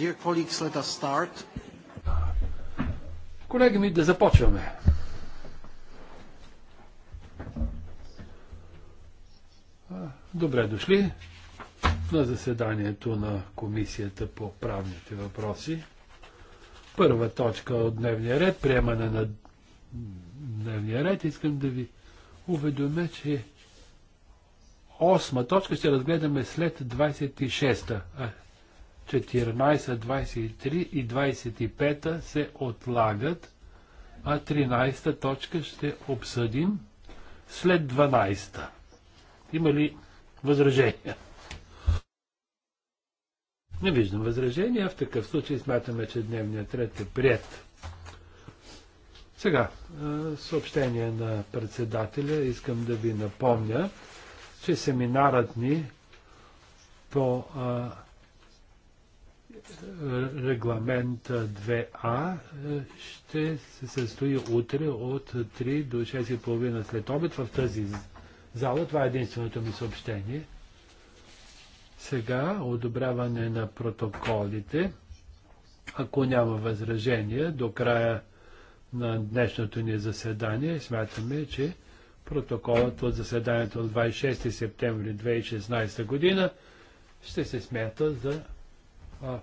Dear colleagues, let us start. Колеги ми, да започваме. Добре дошли на заседанието на Комисията по правните въпроси. Първа точка от дневния ред, приемане на дневния ред, искам да ви уведомя, че осма точка ще разгледаме след 26-та. 14, 23 и 25 се отлагат, а 13 та точка ще обсъдим след 12. Има ли възражения? Не виждам възражения. В такъв случай смятаме, че дневният ред е прият. Сега, съобщение на председателя. Искам да ви напомня, че семинарът ни по регламент 2А е, ще се състои утре от 3 до 6.30 след обед в тази зала. Това е единственото ми съобщение. Сега одобряване на протоколите. Ако няма възражение до края на днешното ни заседание, смятаме, че протоколът от заседанието от 26 септември 2016 година ще се смята за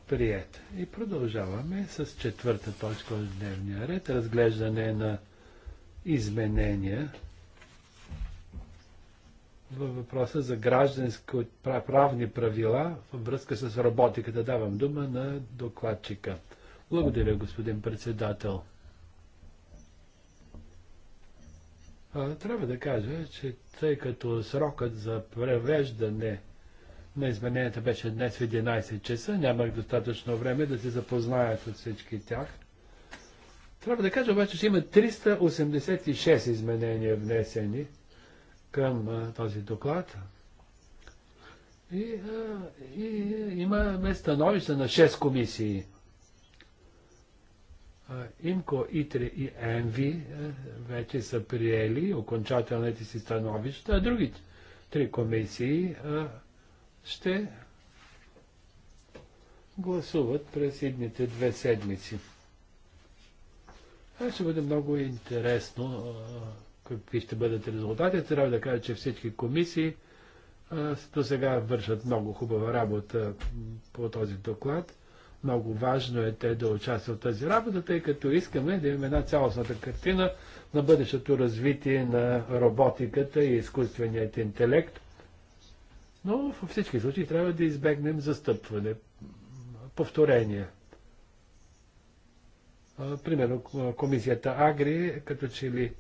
прият. И продължаваме с четвърта точка от дневния ред. Разглеждане на изменения във въпроса за граждански правни правила във връзка с роботиката. Давам дума на докладчика. Благодаря, господин председател. трябва да кажа, че тъй като срокът за превеждане на измененията беше днес в 11 часа. Нямах достатъчно време да се запозная с всички тях. Трябва да кажа обаче, че има 386 изменения внесени към а, този доклад. И, а, и имаме становище на 6 комисии. ИМКО, ИТРЕ и ЕНВИ вече са приели окончателните си становища, а другите три комисии а, ще гласуват през едните две седмици. Това ще бъде много интересно какви ще бъдат резултатите. Трябва да кажа, че всички комисии до сега вършат много хубава работа по този доклад. Много важно е те да участват в тази работа, тъй като искаме да имаме една цялостната картина на бъдещото развитие на роботиката и изкуственият интелект – но във всички случаи трябва да избегнем застъпване, повторение. примерно комисията Агри, като че ли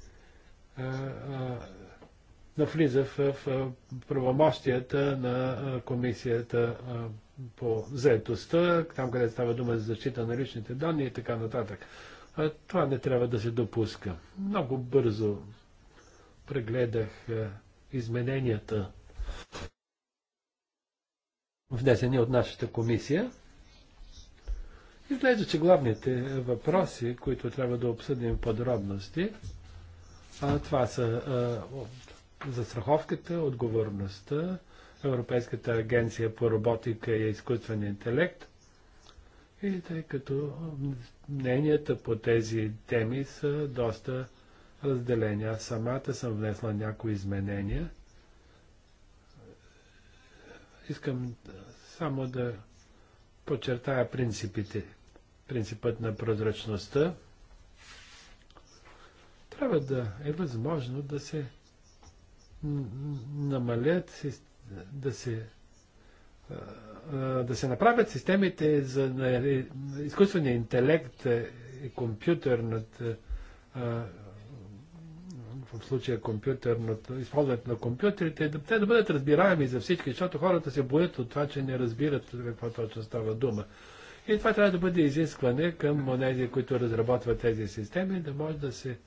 навлиза в, правомощията на комисията по заетостта, там къде става дума за защита на личните данни и така нататък. Това не трябва да се допуска. Много бързо прегледах измененията внесени от нашата комисия. Изглежда, че главните въпроси, които трябва да обсъдим в подробности, а, това са застраховката, отговорността, Европейската агенция по роботика и изкуствен интелект. И тъй като мненията по тези теми са доста разделени. Аз самата съм внесла някои изменения Искам само да подчертая принципите. Принципът на прозрачността трябва да е възможно да се намалят, да се да се направят системите за изкуствения интелект и компютърната в случая компютърната, използването на компютрите, да, те да бъдат разбираеми за всички, защото хората се боят от това, че не разбират какво точно става дума. И това трябва да бъде изискване към тези, които разработват тези системи, да може да се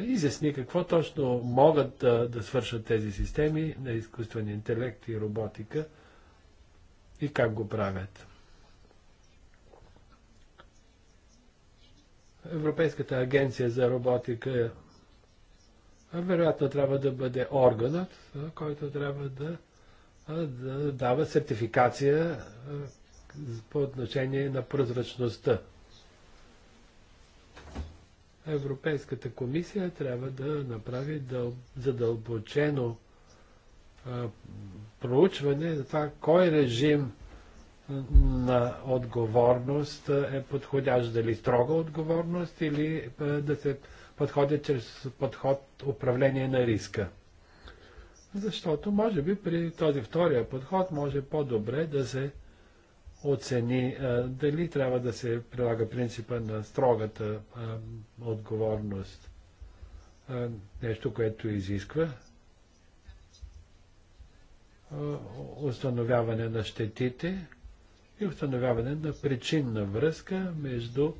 изясни какво точно могат да, да свършат тези системи на изкуствен интелект и роботика и как го правят. Европейската агенция за роботика вероятно трябва да бъде органът, който трябва да, да дава сертификация по отношение на прозрачността. Европейската комисия трябва да направи задълбочено проучване за това кой режим на отговорност е подходящ, дали строга отговорност или да се подходят чрез подход управление на риска. Защото, може би, при този втория подход може по-добре да се оцени а, дали трябва да се прилага принципа на строгата а, отговорност. А, нещо, което изисква установяване на щетите и установяване на причинна връзка между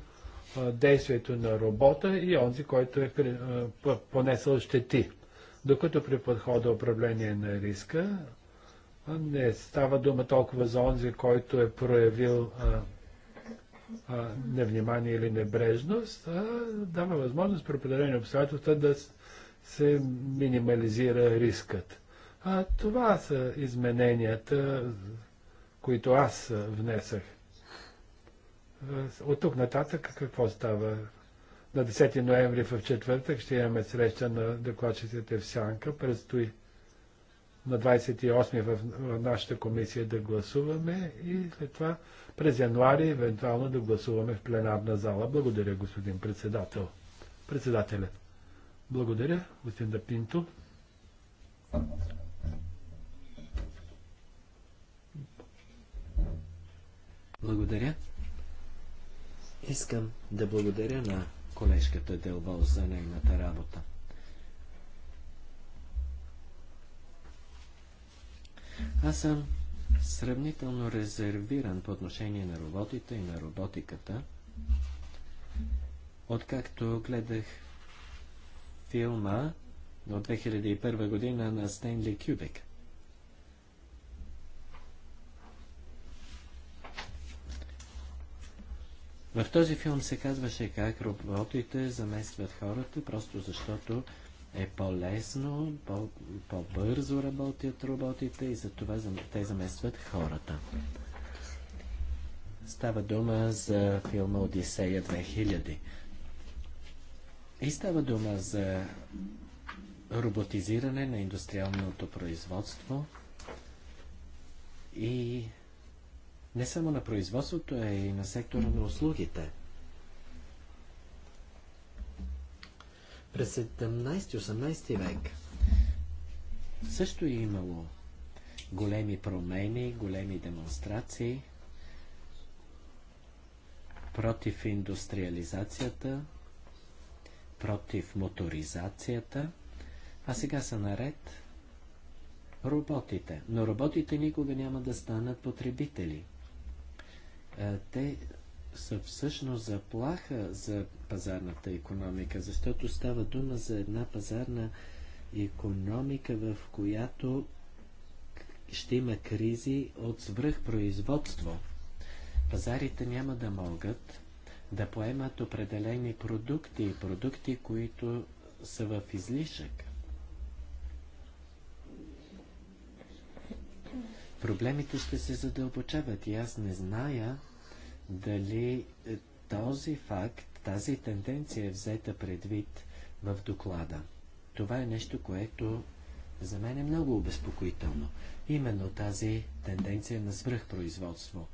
действието на робота и онзи, който е понесъл щети. Докато при подхода управление на риска не става дума толкова за онзи, който е проявил невнимание или небрежност, а дава възможност при определени обстоятелства да се минимализира рискът. А това са измененията, които аз внесах от тук нататък какво става? На 10 ноември в четвъртък ще имаме среща на докладчиците в Сянка. Предстои на 28 в нашата комисия да гласуваме и след това през януари евентуално да гласуваме в пленарна зала. Благодаря, господин председател. Председателя. Благодаря, господин Дапинто. Благодаря. Искам да благодаря на колежката Делбо за нейната работа. Аз съм сравнително резервиран по отношение на роботите и на роботиката. Откакто гледах филма от 2001 година на Стенли Кюбек. В този филм се казваше как роботите заместват хората, просто защото е по-лесно, по-бързо -по работят роботите и затова те заместват хората. Става дума за филма Одисея 2000. И става дума за роботизиране на индустриалното производство и не само на производството, а и на сектора на услугите. През 17-18 век също е имало големи промени, големи демонстрации против индустриализацията, против моторизацията, а сега са наред роботите. Но роботите никога няма да станат потребители – е, те са всъщност заплаха за пазарната економика, защото става дума за една пазарна економика, в която ще има кризи от свръхпроизводство. Пазарите няма да могат да поемат определени продукти, продукти, които са в излишък. Проблемите ще се задълбочават и аз не зная дали е, този факт, тази тенденция е взета предвид в доклада. Това е нещо, което за мен е много обезпокоително. Именно тази тенденция на свръхпроизводство.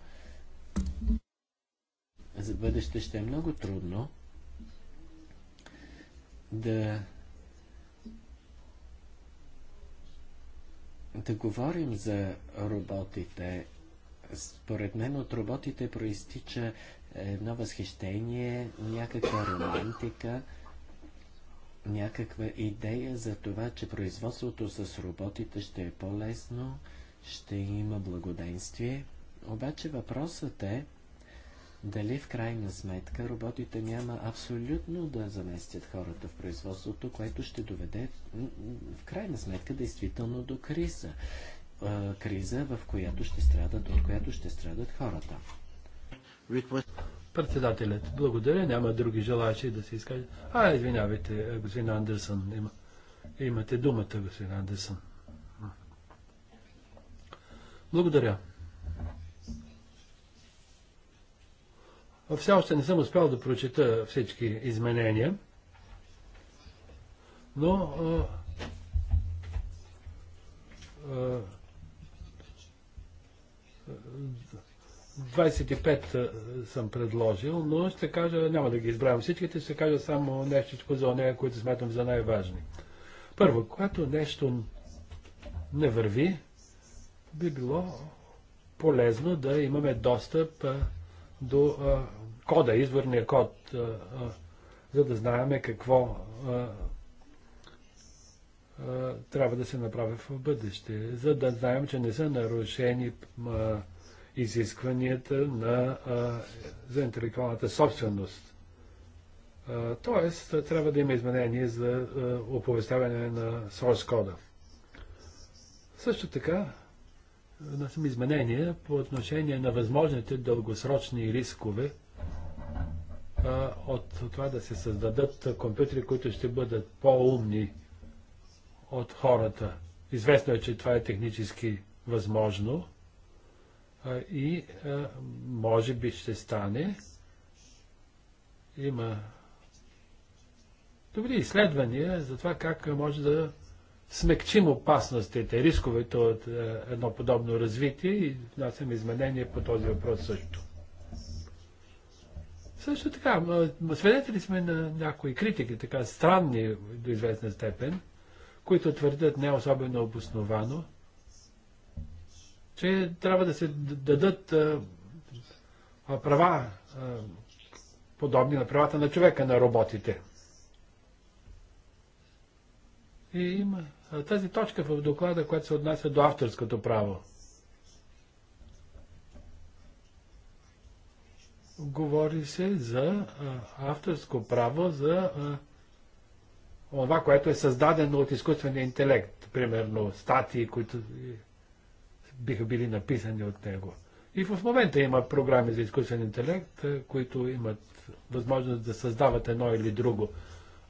За бъдеще ще е много трудно да да говорим за роботите според мен от роботите проистича едно възхищение, някаква романтика, някаква идея за това, че производството с роботите ще е по-лесно, ще има благоденствие. Обаче въпросът е, дали в крайна сметка роботите няма абсолютно да заместят хората в производството, което ще доведе в крайна сметка действително до криза криза, в която ще страдат, от която ще страдат хората. Председателят, благодаря. Няма други желаящи да се изкажат. А, извинявайте, господин Андерсън. Има, имате думата, господин Андерсън. Благодаря. Все още не съм успял да прочета всички изменения, но а, а, 25 е, съм предложил, но ще кажа, няма да ги избравям всичките, ще кажа само нещичко за нея, които смятам за най-важни. Първо, когато нещо не върви, би било полезно да имаме достъп а, е, до а, е, кода, изворния код, а, а, за да знаеме какво а, а, трябва да се направи в бъдеще, за да знаем, че не са нарушени а, изискванията на, а, за интелектуалната собственост. А, тоест, трябва да има изменение за а, оповестяване на source кода. Също така, съм изменения по отношение на възможните дългосрочни рискове а, от това да се създадат компютри, които ще бъдат по-умни от хората. Известно е, че това е технически възможно, и може би ще стане. Има добри изследвания за това как може да смекчим опасностите, рисковете от едно подобно развитие и внасям изменения по този въпрос също. Също така, свидетели сме на някои критики, така странни до известна степен, които твърдят не особено обосновано, че трябва да се дадат права, подобни на правата на човека, на роботите. И има тази точка в доклада, която се отнася до авторското право. Говори се за а, авторско право, за а, това, което е създадено от изкуствения интелект. Примерно статии, които биха били написани от него. И в момента има програми за изкуствен интелект, които имат възможност да създават едно или друго.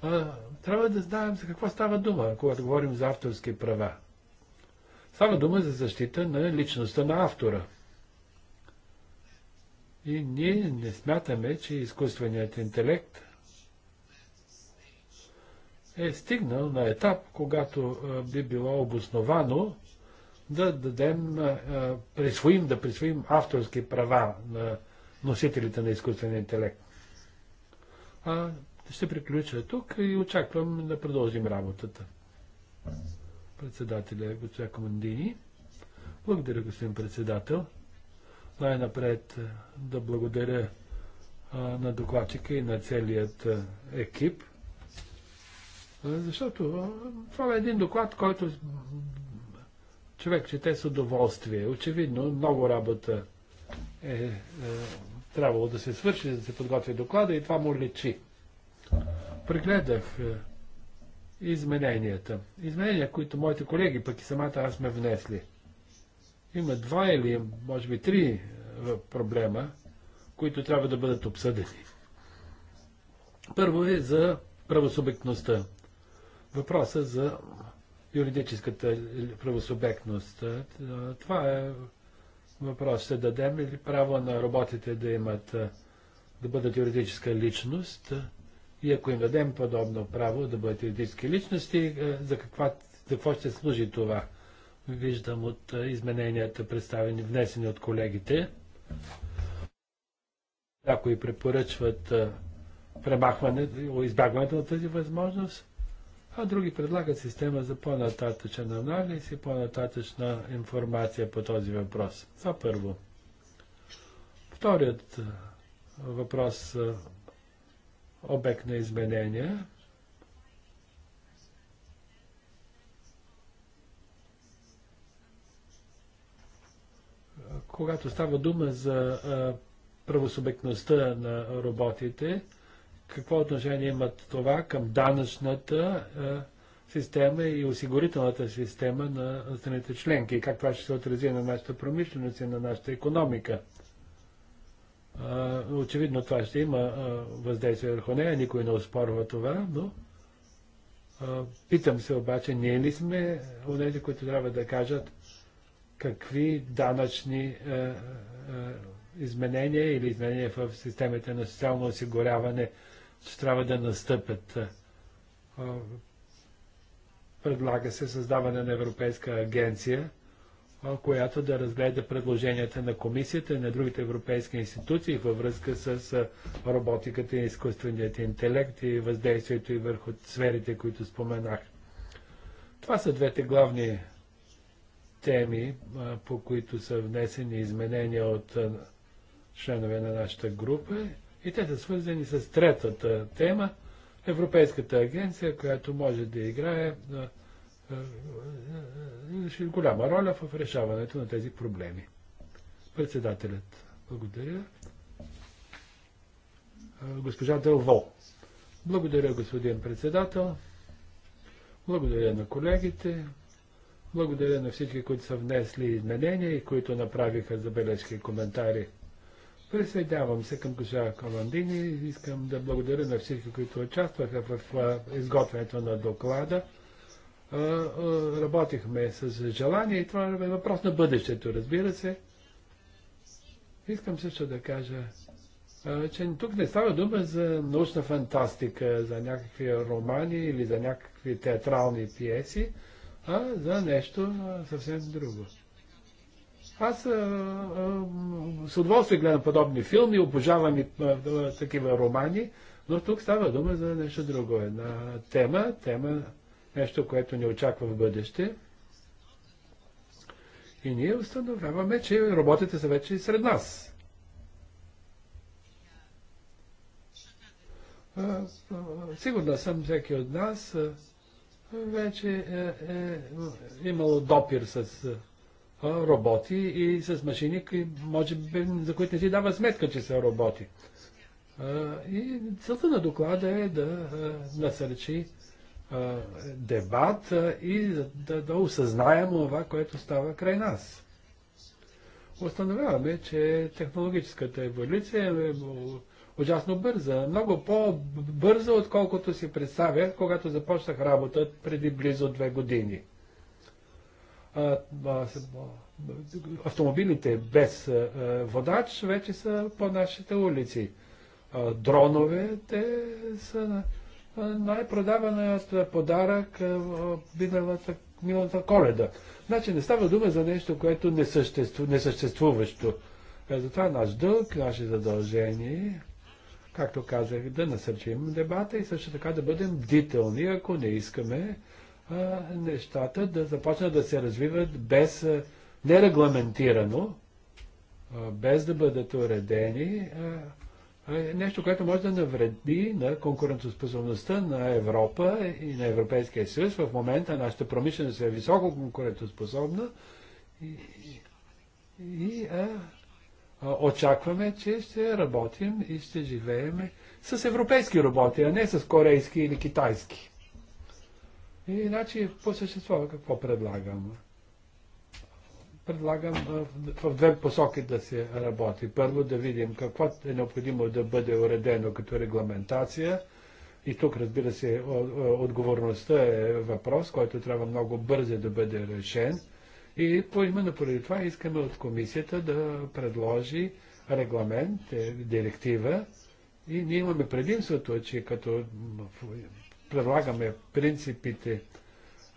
А, трябва да знаем за какво става дума, когато говорим за авторски права. Става дума за защита на личността на автора. И ние не смятаме, че изкуственият интелект е стигнал на етап, когато би било обосновано да дадем, а, присвоим, да присвоим авторски права на носителите на изкуствения интелект. А, ще приключа тук и очаквам да продължим работата. Председателя е госпожа Командини. Благодаря, господин председател. Най-напред да благодаря на докладчика и на целият екип, защото това е един доклад, който човек чете с удоволствие. Очевидно, много работа е, е трябвало да се свърши, да се подготви доклада и това му лечи. Прегледах е, измененията. Изменения, които моите колеги, пък и самата аз сме внесли. Има два или, може би, три е, проблема, които трябва да бъдат обсъдени. Първо е за правосубектността. Въпросът за юридическата правосубектност. Е, това е въпрос. Ще дадем ли право на роботите да имат, е, да бъдат юридическа личност? И ако им дадем подобно право да бъдат юридически личности, е, за, каква, за какво ще служи това? Виждам от измененията, представени, внесени от колегите. Някои препоръчват премахването, избягването на тази възможност, а други предлагат система за по-нататъчен анализ и по-нататъчна информация по този въпрос. Това първо. Вторият въпрос обект на изменения когато става дума за правосубектността на роботите, какво отношение имат това към данъчната система и осигурителната система на страните членки и как това ще се отрази на нашата промишленост и на нашата економика. очевидно това ще има въздействие върху нея, никой не оспорва това, но питам се обаче, ние ли сме онези, които трябва да кажат какви данъчни изменения или изменения в системите на социално осигуряване че трябва да настъпят. Предлага се създаване на Европейска агенция, която да разгледа предложенията на комисията и на другите европейски институции във връзка с роботиката и изкуственият интелект и въздействието и върху сферите, които споменах. Това са двете главни теми, по които са внесени изменения от членове на нашата група и те са свързани с третата тема Европейската агенция, която може да играе голяма роля в решаването на тези проблеми. Председателят, благодаря. госпожа Делво. Благодаря, господин председател. Благодаря на колегите. Благодаря на всички, които са внесли изменения и които направиха забележки и коментари. Присъединявам се към госпожа Коландини и искам да благодаря на всички, които участваха в изготвянето на доклада. Работихме с желание и това е въпрос на бъдещето, разбира се. Искам също да кажа, че тук не става дума за научна фантастика, за някакви романи или за някакви театрални пиеси, а за нещо съвсем друго. Аз а, а, с удоволствие гледам подобни филми, обожавам и а, а, такива романи, но тук става дума за нещо друго. Една тема, тема, нещо, което ни очаква в бъдеще. И ние установяваме, че работите са вече и сред нас. А, а, съм, всеки от нас а, вече е, е, е имал допир с роботи и с машини, може би, за които не си дава сметка, че са роботи. И целта на доклада е да насърчи дебат и да, да осъзнаем това, което става край нас. Установяваме, че технологическата еволюция е ужасно бърза. Много по-бърза, отколкото си представях, когато започнах работа преди близо две години автомобилите без водач вече са по нашите улици. Дронове, те са най-продаваният подарък миналата, миналата коледа. Значи не става дума за нещо, което не несъществуващо. Е, затова наш дълг, наше задължение, както казах, да насърчим дебата и също така да бъдем бдителни, ако не искаме нещата да започнат да се развиват без нерегламентирано, без да бъдат уредени, нещо, което може да навреди на конкурентоспособността на Европа и на Европейския съюз. В момента нашата промишленост е високо конкурентоспособна и, и а, а, очакваме, че ще работим и ще живеем с европейски роботи, а не с корейски или китайски. И иначе по същество какво предлагам? Предлагам в, в две посоки да се работи. Първо да видим какво е необходимо да бъде уредено като регламентация. И тук, разбира се, отговорността е въпрос, който трябва много бързо да бъде решен. И по именно поради това искаме от комисията да предложи регламент, е, директива. И ние имаме предимството, че като предлагаме принципите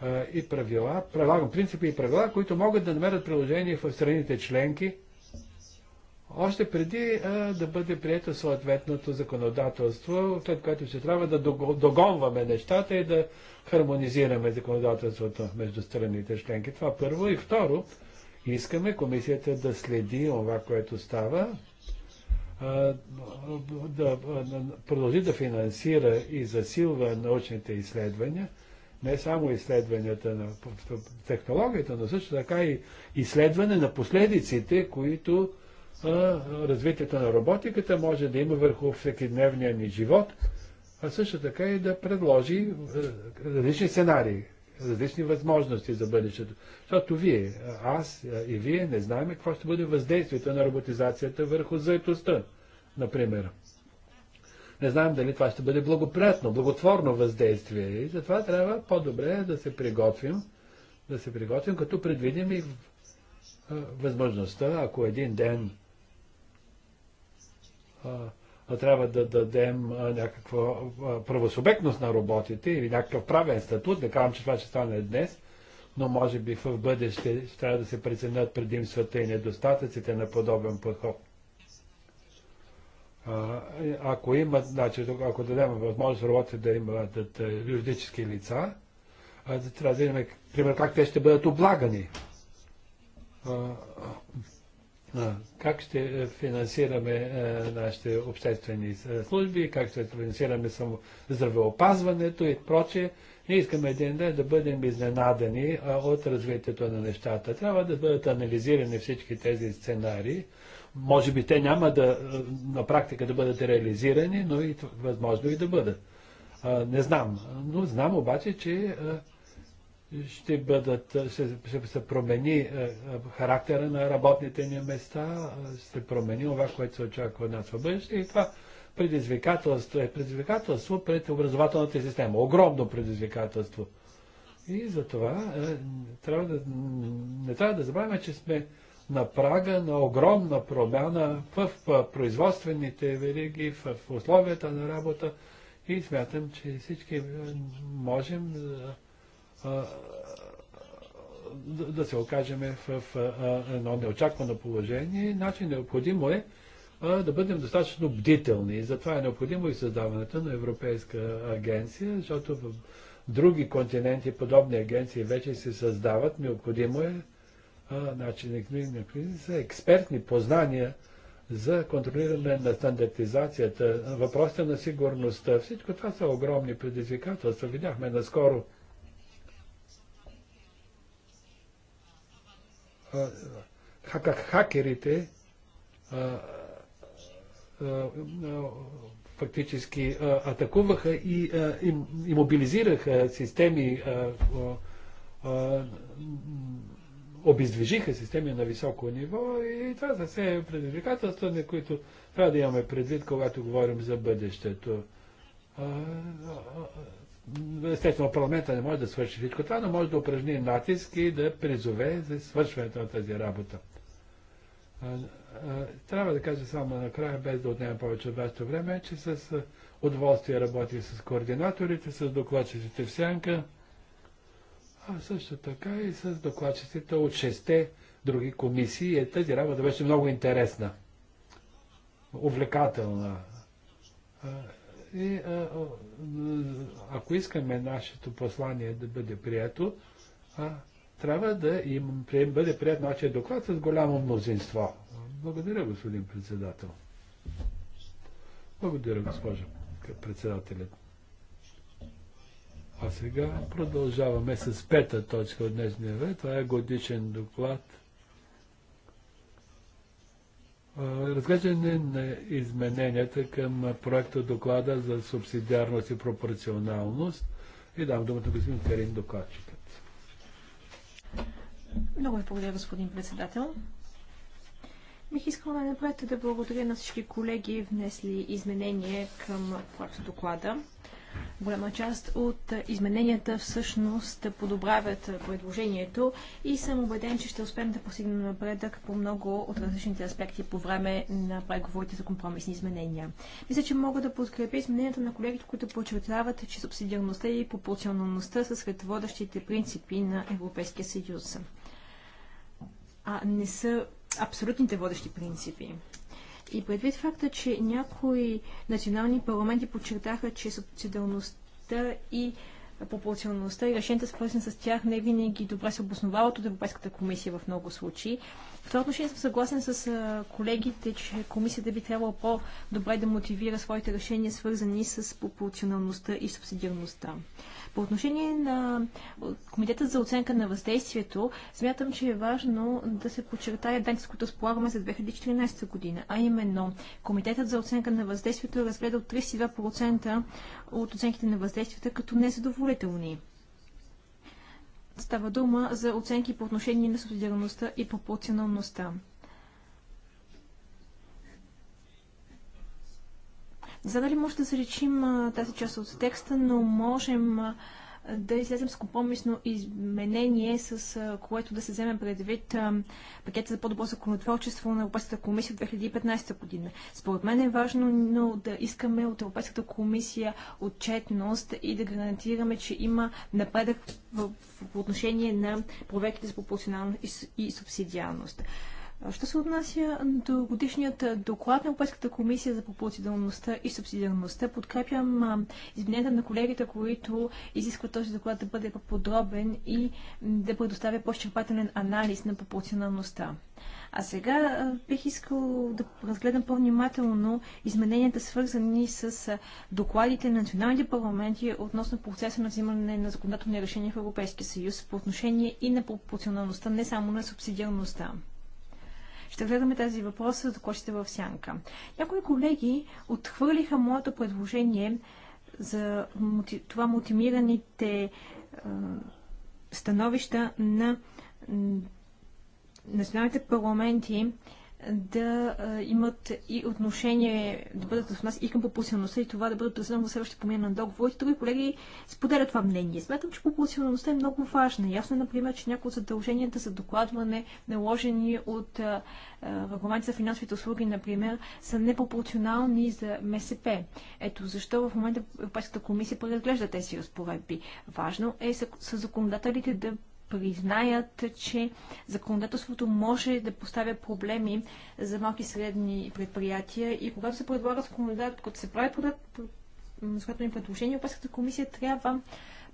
а, и правила, предлагам принципи и правила, които могат да намерят приложение в страните членки, още преди а, да бъде прието съответното законодателство, след което ще трябва да догонваме нещата и да хармонизираме законодателството между страните членки. Това първо. И второ, искаме комисията да следи това, което става да продължи да финансира и засилва научните изследвания, не само изследванията на технологията, но също така и изследване на последиците, които развитието на роботиката може да има върху всекидневния ни живот, а също така и да предложи различни сценарии, различни възможности за бъдещето. Защото вие, аз и вие не знаем какво ще бъде въздействието на роботизацията върху заетостта например. Не знаем дали това ще бъде благоприятно, благотворно въздействие. И затова трябва по-добре да се приготвим, да се приготвим, като предвидим и възможността, ако един ден а, трябва да дадем някаква правосубектност на работите или някакъв правен статут, не казвам, че това ще стане днес, но може би в бъдеще ще трябва да се преценят предимствата и недостатъците на подобен подход ако има, значи, ако дадем възможност работите да имат юридически лица, трябва да видим, пример, как те ще бъдат облагани. А, как ще е, финансираме е, нашите обществени е, служби, как ще финансираме само здравеопазването и прочее. Не искаме един ден да бъдем изненадани от развитието на нещата. Трябва да бъдат анализирани всички тези сценарии. Може би те няма да на практика да бъдат реализирани, но и възможно и да бъдат. Не знам. Но знам обаче, че ще, бъдат, ще, ще се промени е, е, характера на работните ни места, е, ще се промени това, което се очаква от нас в бъдеще и това предизвикателство е предизвикателство пред образователната система. Огромно предизвикателство. И за това трябва да, не трябва да забравяме, че сме на прага на огромна промяна в, производствените вериги, в, в условията на работа и смятам, че всички можем да да, се окажем в, едно неочаквано положение. Значи необходимо е да бъдем достатъчно бдителни. Затова е необходимо и създаването на Европейска агенция, защото в други континенти подобни агенции вече се създават. Необходимо е значи, са експертни познания за контролиране на стандартизацията, въпросите на сигурността. Всичко това са огромни предизвикателства. Видяхме наскоро хака, хакерите фактически атакуваха и, и, и мобилизираха системи, обездвижиха системи на високо ниво и това са все предизвикателства, на които трябва да имаме предвид, когато говорим за бъдещето. Естествено, парламента не може да свърши всичко това, но може да упражни натиск и да призове за свършването на тази работа. Трябва да кажа само накрая, без да отнема повече от вашето време, че с удоволствие работи с координаторите, с докладчиците в сянка, а също така и с докладчиците от шесте други комисии. Е, тази работа беше много интересна, увлекателна. И ако искаме нашето послание да бъде прието, а, трябва да им бъде прият нашия доклад с голямо мнозинство. Благодаря, господин председател. Благодаря, госпожо председателят. А сега продължаваме с пета точка от днешния ред. Това е годишен доклад разглеждане на измененията към проекта доклада за субсидиарност и пропорционалност и дам думата господин Карин докладчикът. Много ви благодаря, господин председател. Бих искала най-напред да благодаря на всички колеги, внесли изменение към проекта доклада. Голяма част от измененията всъщност подобравят предложението и съм убеден, че ще успеем да постигнем напредък по много от различните аспекти по време на преговорите за компромисни изменения. Мисля, че мога да подкрепя измененията на колегите, които подчертават, че субсидиарността и пропорционалността са сред водещите принципи на Европейския съюз. А не са абсолютните водещи принципи. И предвид факта, че някои национални парламенти подчертаха, че субсидиалността и пропорционалността и решенията, свързани с тях, не винаги добре се обосновават от Европейската комисия в много случаи. В това отношение съм съгласен с колегите, че комисията би трябвало по-добре да мотивира своите решения, свързани с пропорционалността и субсидиарността. По отношение на Комитета за оценка на въздействието, смятам, че е важно да се подчертая данните, с които разполагаме за 2014 година, а именно Комитетът за оценка на въздействието е разгледал 32% от оценките на въздействията като незадоволителни. Става дума за оценки по отношение на субсидиарността и пропорционалността. Не дали може да заречим тази част от текста, но можем да излезем с компромисно изменение, с което да се вземе предвид пакета за по-добро законотворчество на Европейската комисия от 2015 година. Според мен е важно но да искаме от Европейската комисия отчетност и да гарантираме, че има напредък в, в, в отношение на проверките за пропорционалност и, и субсидиарност. Що се отнася до годишният доклад на Европейската комисия за пропорционалността и субсидиарността, подкрепям измененията на колегите, които изискват този доклад да бъде по-подробен и да предоставя по-щерпателен анализ на пропорционалността. А сега бих искал да разгледам по-внимателно измененията, свързани с докладите на националните парламенти относно процеса на взимане на законодателни решения в Европейския съюз по отношение и на пропорционалността, не само на субсидиарността. Ще гледаме тази въпрос за кошите в сянка. Някои колеги отхвърлиха моето предложение за това мотимираните е, становища на националните парламенти да имат и отношение, да бъдат с нас и към попусилността и това да бъдат отразено в следващите промени на договори Други колеги споделят това мнение. Смятам, че пропулсивността е много важна. Ясно е, например, че някои от задълженията за докладване, наложени от регламентите за финансовите услуги, например, са непропорционални за МСП. Ето защо в момента Европейската комисия преразглежда тези разпоредби. Важно е с законодателите да признаят, че законодателството може да поставя проблеми за малки и средни предприятия и когато се предлага законодателство, когато се прави законодателни предложения, Европейската комисия трябва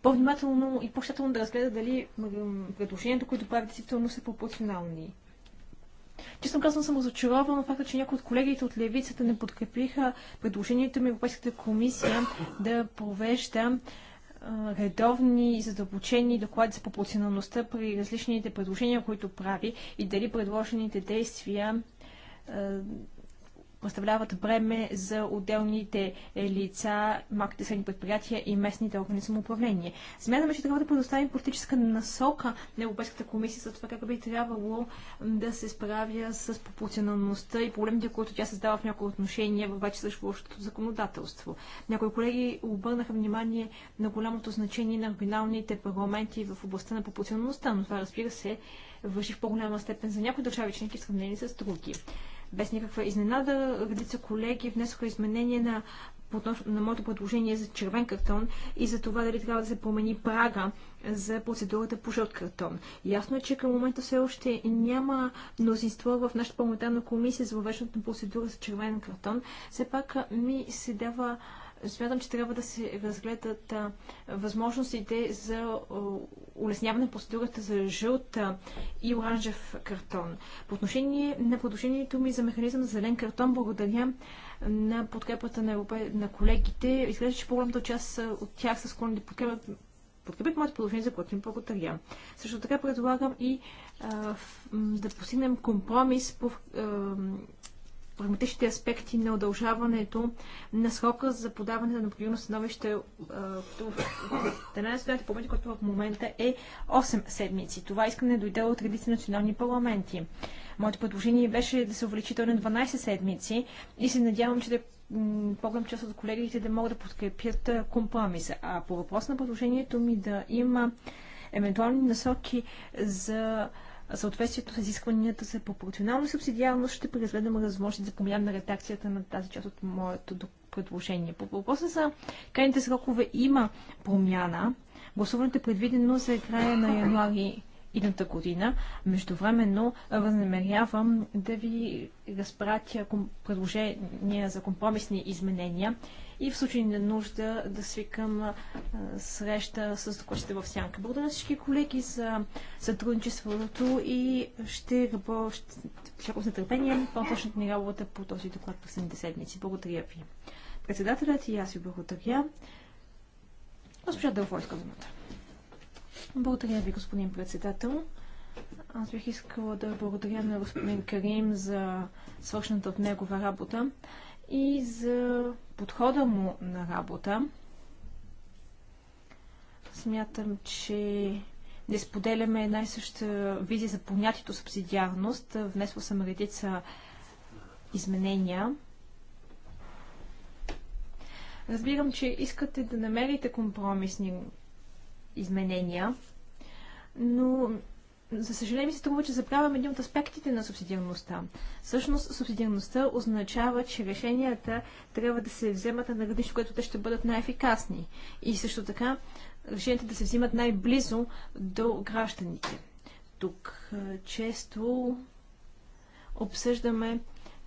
по-внимателно и по-щателно да разгледа дали предложенията, които правят, действително са пропорционални. Честно казвам, съм разочарована факта, че някои от колегите от левицата не подкрепиха предложението ми Европейската комисия да провежда редовни и задълбочени доклади за пропорционалността при различните предложения, които прави и дали предложените действия представляват бреме за отделните лица, малките средни предприятия и местните органи самоуправление. Смятаме, че трябва да предоставим политическа насока на Европейската комисия за това как би трябвало да се справя с пропорционалността и проблемите, които тя създава в някои отношения във вече съществуващото законодателство. Някои колеги обърнаха внимание на голямото значение на регионалните парламенти в областта на пропорционалността, но това разбира се върши в по-голяма степен за някои държави членки в сравнение с други. Без никаква изненада, редица колеги внесоха изменение на на моето предложение за червен картон и за това дали трябва да се промени прага за процедурата по жълт картон. Ясно е, че към момента все още няма мнозинство в нашата парламентарна комисия за въвеждането на процедура за червен картон. Все пак ми се дава смятам, че трябва да се разгледат а, възможностите за а, улесняване на процедурата за жълт и оранжев картон. По отношение на предложението ми за механизъм за зелен картон, благодаря на подкрепата на, европе... на колегите. Изглежда, че по-голямата част от тях са склонни да подкрепят подкрепят моето предложение, за което им благодаря. Също така предлагам и а, в, да постигнем компромис по а, Прагматичните аспекти на удължаването на срока за подаване на необходимо становище от една националните парламенти, който в момента е 8 седмици. Това искане дойде от редици национални парламенти. Моето предложение беше да се увеличи на 12 седмици и се надявам, че да по-голям част от колегите да могат да подкрепят компромиса. А по въпрос на предложението ми да има евентуални насоки за съответствието с изискванията за пропорционална субсидиарност, ще преразгледам възможности за промяна на редакцията на тази част от моето предложение. По въпроса за крайните срокове има промяна. Гласуването е предвидено за края на януари идната година. Междувременно възнамерявам да ви разпратя предложения за компромисни изменения и в случай на нужда да свикам среща с докладчите в сянка. Благодаря на всички колеги за сътрудничеството и ще работя с нетърпение по-точната ни работа по този доклад в последните седмици. Благодаря ви. Председателят и аз ви благодаря. Госпожа Дълфойска думата. Благодаря ви, господин председател. Аз бих искала да благодаря на господин Карим за свършната от негова работа и за подхода му на работа. Смятам, че не споделяме една и съща визия за понятието субсидиарност. Внесла съм редица изменения. Разбирам, че искате да намерите компромисни изменения, но за съжаление ми се струва, че забравяме един от аспектите на субсидиарността. Същност, субсидиарността означава, че решенията трябва да се вземат на градище, което те ще бъдат най-ефикасни. И също така, решенията да се взимат най-близо до гражданите. Тук често обсъждаме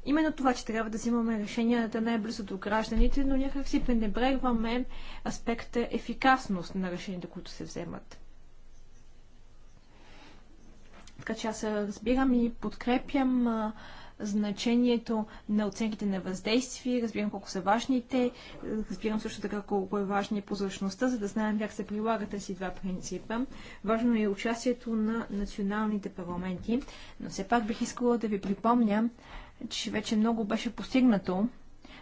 именно това, че трябва да взимаме решенията най-близо до гражданите, но някак си пренебрегваме аспекта ефикасност на решенията, които се вземат. Така че аз разбирам и подкрепям а, значението на оценките на въздействие, разбирам колко са важни те, разбирам също така колко е важна и прозрачността, за да знаем как се прилагат тези два принципа. Важно е участието на националните парламенти, но все пак бих искала да ви припомня, че вече много беше постигнато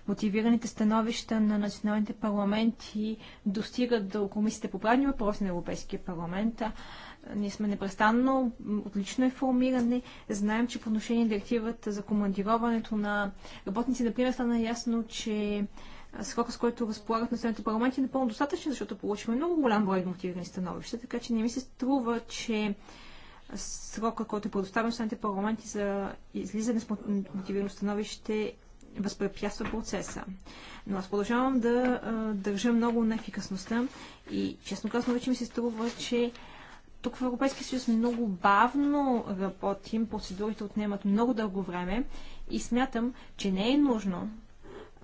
мотивираните становища на националните парламенти достигат до комисията по правни въпроси на Европейския парламент. Ние сме непрестанно отлично информирани. Е Знаем, че по отношение на директивата за командироването на работници, например, стана ясно, че срока, с който разполагат националните парламенти, е напълно достатъчен, защото получихме много голям брой мотивирани становища, така че не ми се струва, че срока, който е предоставен националните парламенти за излизане с мотивирано становище възпрепятства процеса. Но аз продължавам да а, държа много на ефикасността и честно казано вече ми се струва, че тук в Европейския съюз много бавно работим, процедурите отнемат много дълго време и смятам, че не е нужно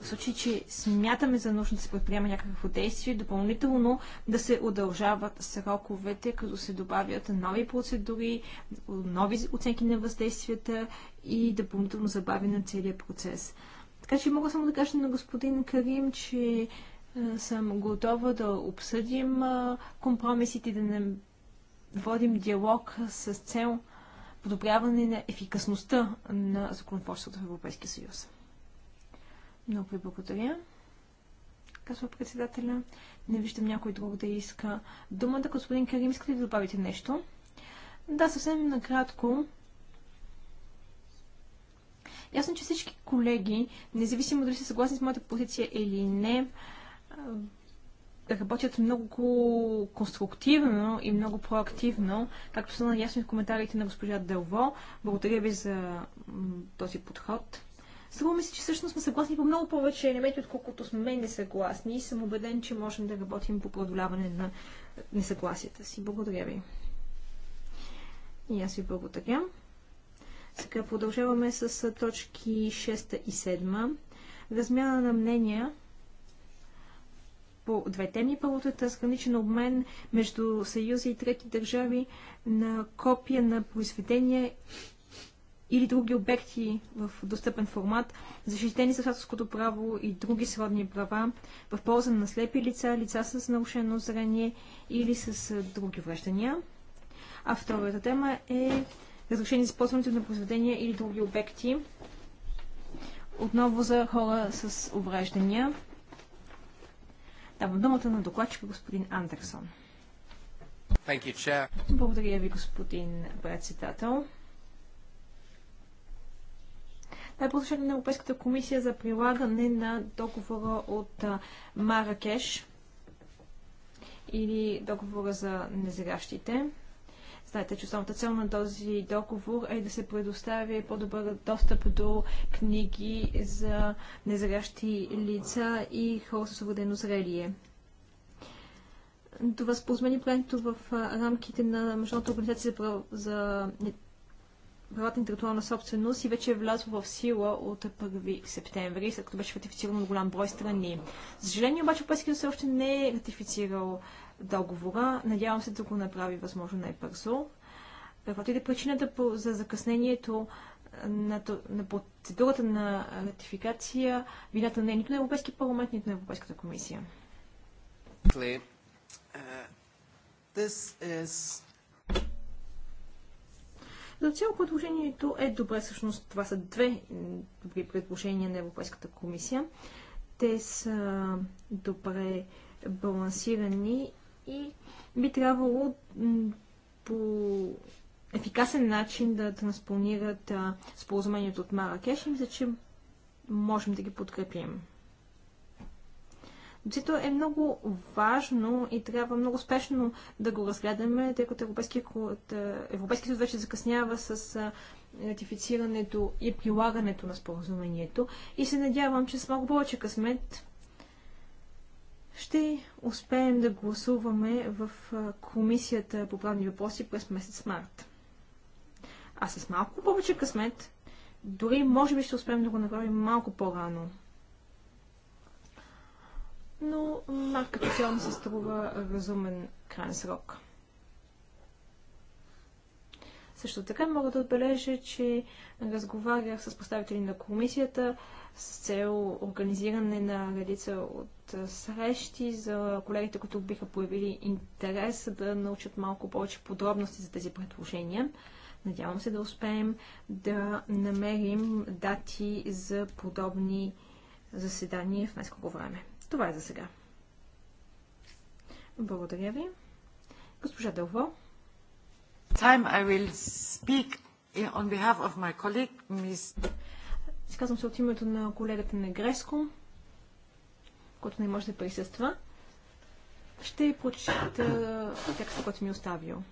в случай, че смятаме за нужно да се предприема някакво действие, допълнително да се удължават сроковете, като се добавят нови процедури, нови оценки на въздействията и допълнително забавяне на целият процес. Така че мога само да кажа на господин Карим, че съм готова да обсъдим компромисите, да не водим диалог с цел подобряване на ефикасността на законотворството в Европейския съюз. Много ви благодаря, казва председателя. Не виждам някой друг да иска думата. Господин Карим, искате да добавите нещо? Да, съвсем накратко. Ясно, че всички колеги, независимо дали са съгласни с моята позиция или не, работят много конструктивно и много проактивно, както са наясни в коментарите на госпожа Дълво. Благодаря ви за този подход. Струва ми се, че всъщност сме съгласни по много повече елементи, отколкото сме несъгласни и съм убеден, че можем да работим по преодоляване на несъгласията си. Благодаря ви. И аз ви благодаря. Сега продължаваме с точки 6 и 7. Размяна на мнения по две теми. Първото е трансграничен обмен между Съюза и трети държави на копия на произведения или други обекти в достъпен формат, защитени с авторското право и други сродни права, в полза на слепи лица, лица с нарушено зрение или с други връщания. А втората тема е разрешение за използването на произведения или други обекти. Отново за хора с увреждания. Давам думата на докладчика господин Андерсон. You, Благодаря ви, господин председател. Това е предложение на Европейската комисия за прилагане на договора от Маракеш или договора за незрящите. Знаете, че основната цел на този договор е да се предостави по-добър достъп до книги за незрящи лица и хора с увредено зрение. Това споразумение проекто в рамките на Международната организация за правата интелектуална собственост и вече е влязло в сила от 1 септември, след като беше ратифицирано от голям брой страни. За съжаление обаче Европейския се още не е ратифицирал договора. Надявам се да го направи възможно най-бързо. Каквато и да е причината за закъснението е, на, на процедурата на ратификация, вината не е нито на Европейския парламент, нито на Европейската комисия. Is... За цяло предложението е добре, всъщност това са две добри предложения на Европейската комисия. Те са добре балансирани и би трябвало по ефикасен начин да транспонират споразумението от Маракеш и мисля, че можем да ги подкрепим. Действително е много важно и трябва много спешно да го разгледаме, тъй като Европейския, Европейския съюз вече закъснява с ратифицирането и прилагането на споразумението. И се надявам, че с малко повече късмет ще успеем да гласуваме в Комисията по правни въпроси през месец март. А с малко повече късмет, дори може би ще успеем да го направим малко по-рано. Но март като цяло ми се струва разумен крайен срок. Също така мога да отбележа, че разговарях с представители на комисията с цел организиране на редица от срещи за колегите, които биха появили интерес да научат малко повече подробности за тези предложения. Надявам се да успеем да намерим дати за подобни заседания в най-скоро време. Това е за сега. Благодаря ви. Госпожа Дълво. Time I will speak on behalf of my colleague, Miss... Изказвам се от името на колегата Негреско, който не може да присъства. Ще прочита текста, който ми е оставил.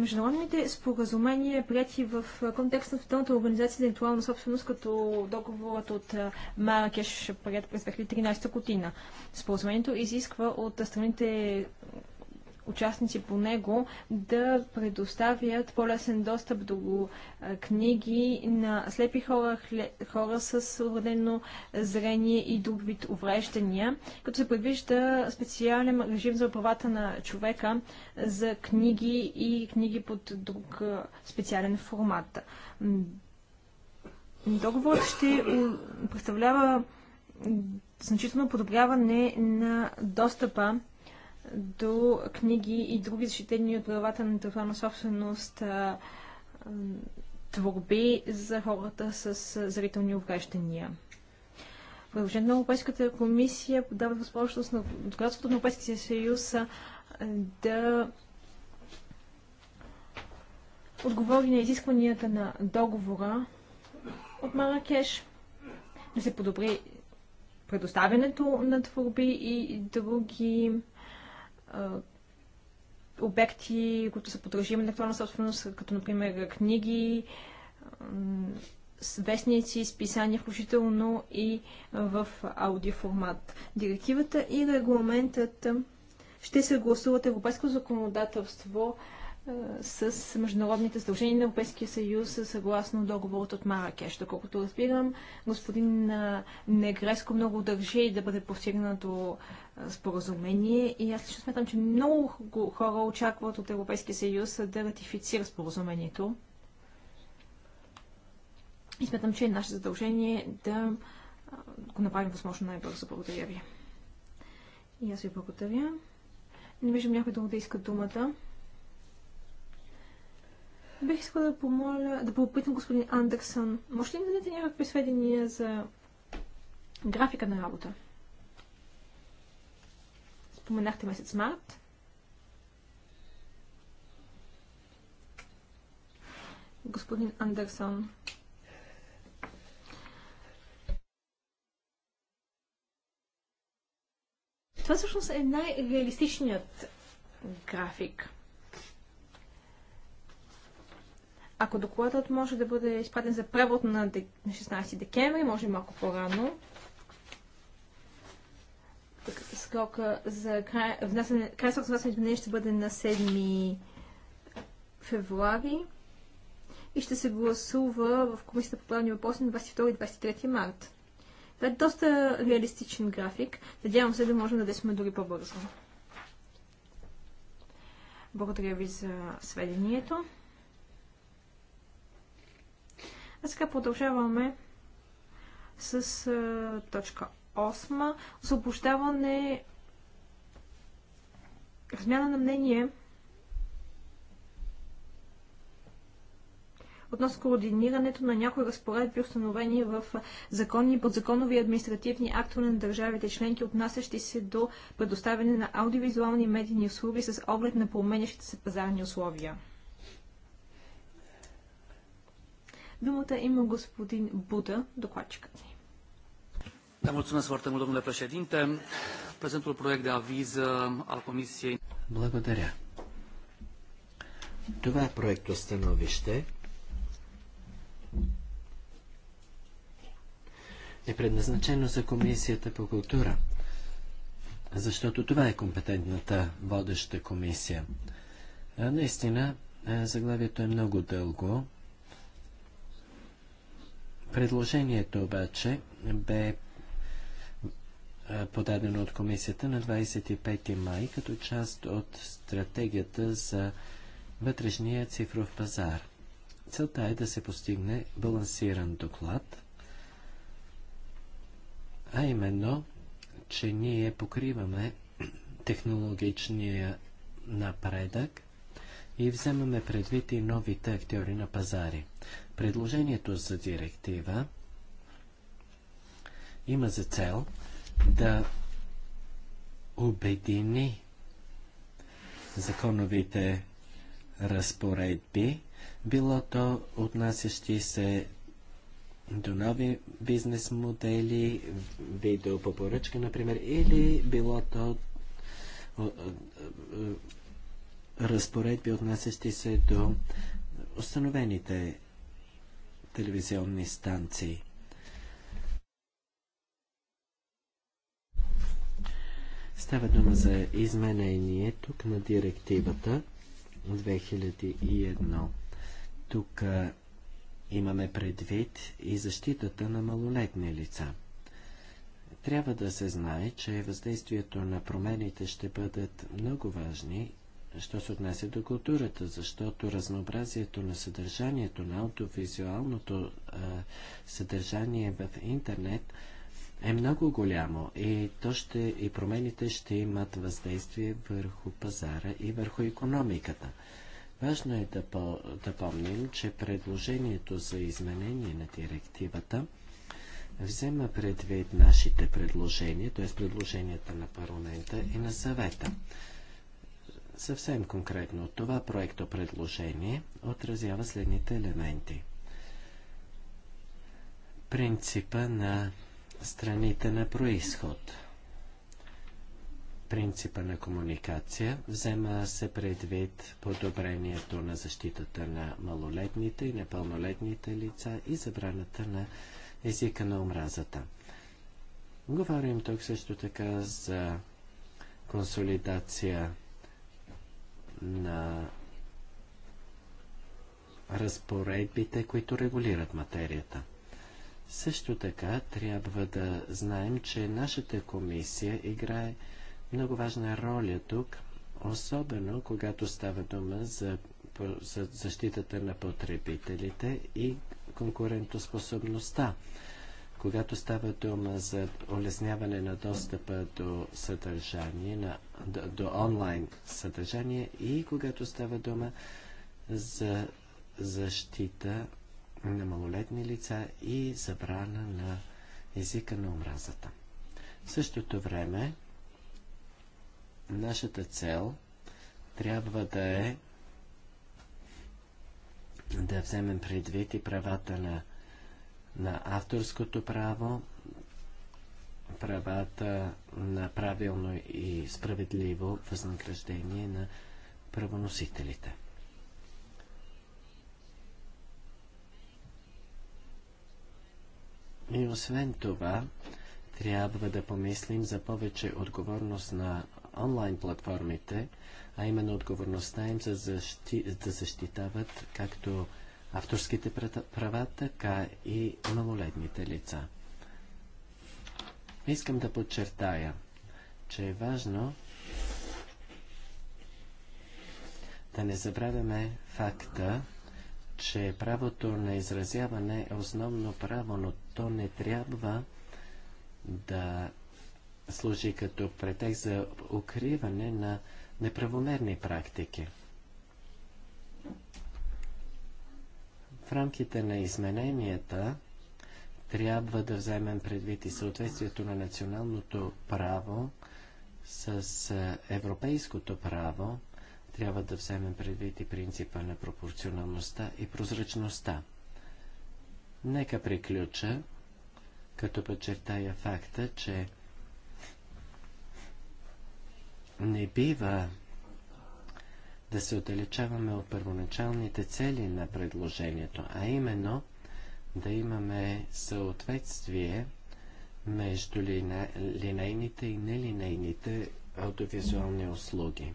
международните споразумения, прияти в контекст на Световната организация за интелектуална собственост, като договорът от Маракеш, прият през 2013 година. Споразумението изисква от страните участници по него да предоставят по-лесен достъп до книги на слепи хора, хора с увредено зрение и друг вид увреждания, като се предвижда специален режим за правата на човека за книги и книги под друг специален формат. Договорът ще представлява значително подобряване на достъпа до книги и други защитени от правата на интелектуална собственост творби за хората с зрителни увреждания. Предложението на Европейската комисия подава възможност на Градството на Европейския съюз да отговори на изискванията на договора от Маракеш, да се подобри предоставянето на творби и други обекти, които са подражими на актуална собственост, като например книги, вестници, списания, включително и в аудиоформат. Директивата и регламентът ще се гласуват европейско законодателство с международните задължения на Европейския съюз съгласно договорът от Маракеш. Доколкото разбирам, господин Негреско много държи да бъде постигнато споразумение и аз лично смятам, че много хора очакват от Европейския съюз да ратифицира споразумението. И смятам, че е наше задължение да го направим възможно най-бързо. Благодаря ви. И аз ви благодаря. Не виждам някой друг да иска думата. Бих искала да помоля, да попитам господин Андерсън, може ли да дадете някакви сведения за графика на работа? Споменахте месец март. Господин Андерсън. Това всъщност е най-реалистичният график. Ако докладът може да бъде изпратен за превод на 16 декември, може малко по-рано, е срока за край, внасяне, край срок за внасяне изменение ще бъде на 7 февруари и ще се гласува в Комисията по правни въпроси на 22 и 23 март. Това е доста реалистичен график. Надявам се да можем да действаме дори по-бързо. Благодаря ви за сведението. А сега продължаваме с а, точка 8. Освобождаване, размяна на мнение относно координирането на някои разпоредби, установени в законни и подзаконови административни актове на държавите членки, отнасящи се до предоставяне на аудиовизуални медийни услуги с оглед на променящите се пазарни условия. Думата има господин Буда, докладчикът ни. Da, mulțumesc foarte mult, domnule președinte. Prezentul proiect de aviz al Comisiei... Благодаря. Това е проектът становище е предназначено за Комисията по култура, защото това е компетентната водеща комисия. Наистина, заглавието е много дълго Предложението обаче бе е, подадено от комисията на 25 май като част от стратегията за вътрешния цифров пазар. Целта е да се постигне балансиран доклад, а именно, че ние покриваме технологичния напредък и вземаме предвид и новите актьори на пазари. Предложението за директива има за цел да обедини законовите разпоредби, било то отнасящи се до нови бизнес модели, видео по поръчка, например, или било то разпоредби, отнасящи се до установените телевизионни станции. Става дума за изменение тук на директивата 2001. Тук имаме предвид и защитата на малолетни лица. Трябва да се знае, че въздействието на промените ще бъдат много важни що се отнася до културата, защото разнообразието на съдържанието, на аудиовизуалното е, съдържание в интернет е много голямо и, то ще, и промените ще имат въздействие върху пазара и върху економиката. Важно е да, по, да помним, че предложението за изменение на директивата взема предвид нашите предложения, т.е. предложенията на парламента и на съвета. Съвсем конкретно, това проекто предложение отразява следните елементи. Принципа на страните на происход. Принципа на комуникация взема се предвид подобрението на защитата на малолетните и непълнолетните лица и забраната на езика на омразата. Говорим тук също така за консолидация на разпоредбите, които регулират материята. Също така трябва да знаем, че нашата комисия играе много важна роля тук, особено когато става дума за, защитата на потребителите и конкурентоспособността. Когато става дума за улесняване на достъпа до съдържание, на, до, до онлайн съдържание и когато става дума за защита на малолетни лица и забрана на езика на омразата. В същото време, нашата цел трябва да е да вземем предвид и правата на на авторското право, правата на правилно и справедливо възнаграждение на правоносителите. И освен това, трябва да помислим за повече отговорност на онлайн платформите, а именно отговорността им за защи... да защитават както авторските права, така и малолетните лица. Искам да подчертая, че е важно да не забравяме факта, че правото на изразяване е основно право, но то не трябва да служи като претекст за укриване на неправомерни практики. В рамките на измененията трябва да вземем предвид и съответствието на националното право с европейското право. Трябва да вземем предвид и принципа на пропорционалността и прозрачността. Нека приключа, като подчертая факта, че не бива да се отдалечаваме от първоначалните цели на предложението, а именно да имаме съответствие между линейните и нелинейните аудиовизуални услуги.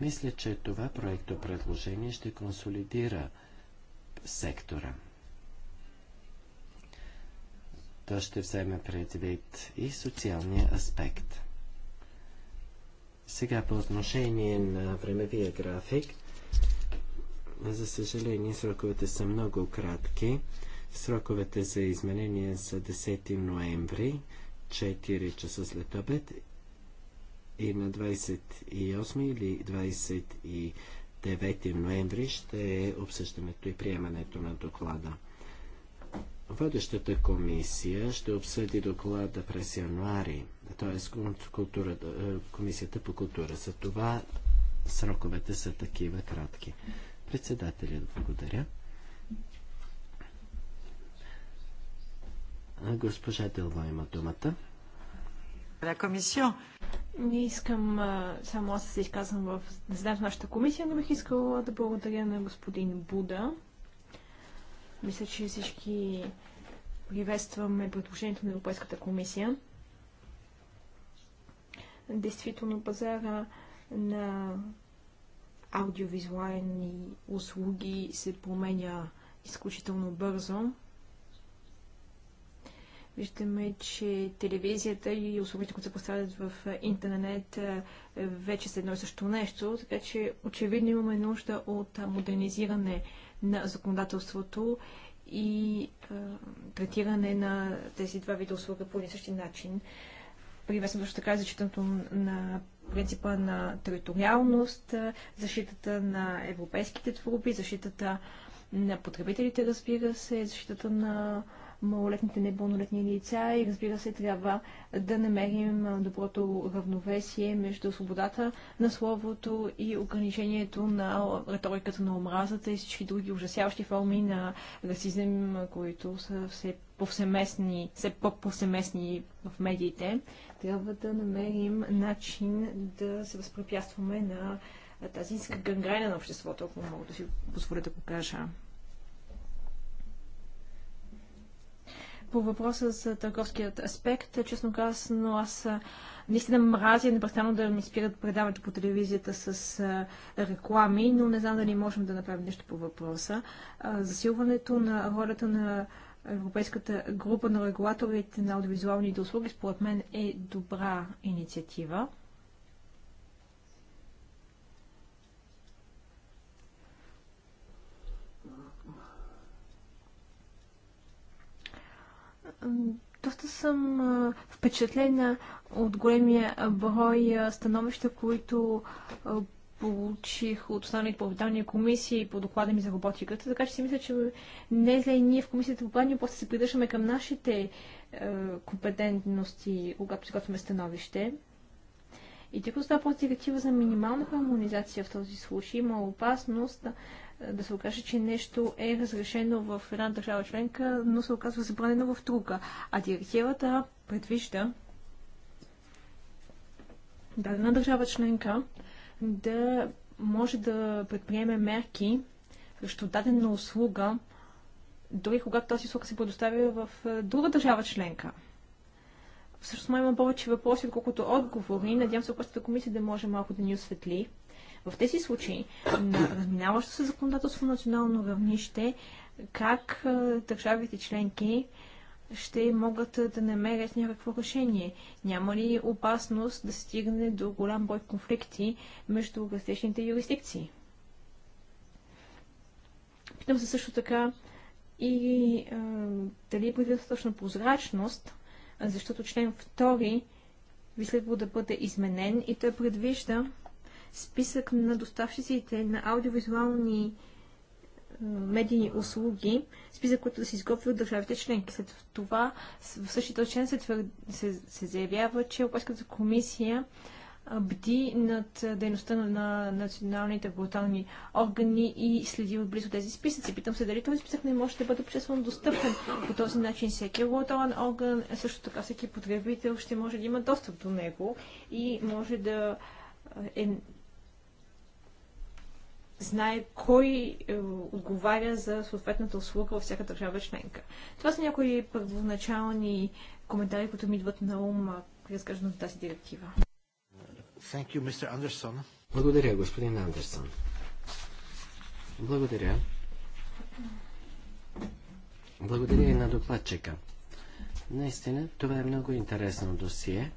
Мисля, че това проекто предложение ще консолидира сектора. То ще вземе предвид и социалния аспект. Сега по отношение на времевия график, за съжаление сроковете са много кратки. Сроковете за изменения са 10 ноември, 4 часа след обед и на 28 или 29 ноември ще е обсъждането и приемането на доклада. Водещата комисия ще обсъди доклада през януари т.е. Комисията по култура. За това сроковете са такива кратки. Председателят благодаря. Госпожа Делва има думата. Не искам, само аз се изказвам в заседанието на нашата комисия, но бих искала да благодаря на господин Буда. Мисля, че всички приветстваме предложението на Европейската комисия действително пазара на аудиовизуални услуги се променя изключително бързо. Виждаме, че телевизията и услугите, които се поставят в интернет, е, вече са едно и също нещо, така че очевидно имаме нужда от модернизиране на законодателството и а, е, третиране на тези два вида услуга по един същи начин. Приветствам също така зачитането на принципа на териториалност, защитата на европейските творби, защитата на потребителите, разбира се, защитата на малолетните непълнолетни лица и разбира се трябва да намерим доброто равновесие между свободата на словото и ограничението на риториката на омразата и всички други ужасяващи форми на расизъм, които са все повсеместни, все по-повсеместни в медиите. Трябва да намерим начин да се възпрепятстваме на тази гангрена на обществото, ако мога да си позволя да го кажа. По въпроса за търговският аспект, честно казано, аз наистина мразя непрестанно да ми спират предаването по телевизията с а, реклами, но не знам дали можем да направим нещо по въпроса. А, засилването на ролята на Европейската група на регулаторите на аудиовизуалните услуги, според мен, е добра инициатива. доста съм впечатлена от големия брой становища, които получих от останалите правителни комисии по доклада ми за роботиката, така че си мисля, че не зле и ние в комисията по плани, после се придържаме към нашите е, компетентности, когато изготвяме становище. И тъй като става по директива за минимална хармонизация в този случай, има опасност да се окаже, че нещо е разрешено в една държава членка, но се оказва забранено в друга. А директивата предвижда дадена държава членка да може да предприеме мерки срещу дадена услуга, дори когато тази услуга се предоставя в е, друга държава членка. Всъщност има повече въпроси, отколкото отговори. Надявам се, Въпросната комисия да може малко да ни осветли. В тези случаи на разминаващо се законодателство на национално равнище, как държавите членки ще могат да намерят някакво решение? Няма ли опасност да стигне до голям брой конфликти между различните юрисдикции? Питам се също така и е, дали бъде достатъчна прозрачност, защото член 2 ви следва да бъде изменен и той предвижда списък на доставчиците на аудиовизуални е, медийни услуги, списък, който да се изготви от държавите членки. След това в същия член се, се, се заявява, че Европейската комисия е, бди над дейността на националните глотални органи и следи отблизо тези списъци. Питам се дали този списък не може да бъде обществено достъпен. По този начин всеки глотален орган, също така всеки потребител ще може да има достъп до него и може да е знае кой е, отговаря за съответната услуга във всяка държава членка. Това са някои първоначални коментари, които ми идват на ум при разкажем на тази директива. Thank you, Mr. Anderson. Благодаря, господин Андерсон. Благодаря. Благодаря и на докладчика. Наистина, това е много интересно досие.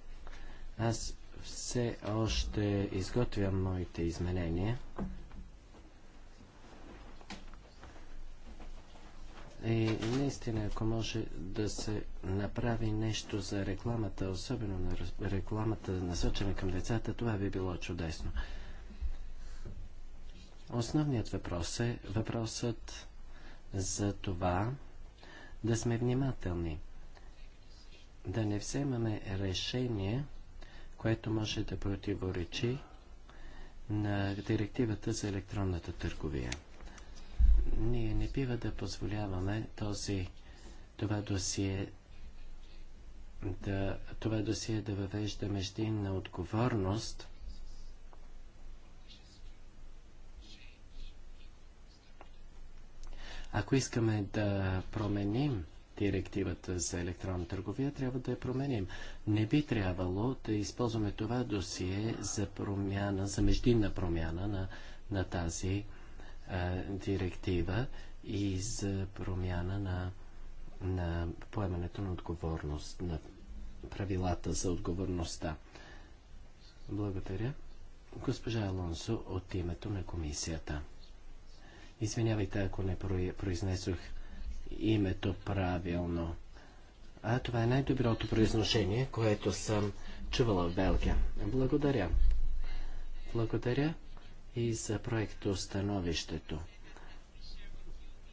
Аз все още изготвям моите изменения. И е, наистина, ако може да се направи нещо за рекламата, особено на рекламата насочена към децата, това би било чудесно. Основният въпрос е въпросът за това да сме внимателни, да не вземаме решение, което може да противоречи на директивата за електронната търговия. Ние не бива да позволяваме този, това досие да, това досие да въвежда междинна отговорност Ако искаме да променим директивата за електронна търговия, трябва да я променим. Не би трябвало да използваме това досие за промяна, за междинна промяна на, на тази директива и за промяна на, на поемането на отговорност, на правилата за отговорността. Благодаря. Госпожа Алонсо от името на комисията. Извинявайте, ако не произнесох името правилно. А това е най-доброто произношение, което съм чувала в Белгия. Благодаря. Благодаря и за проекто становището.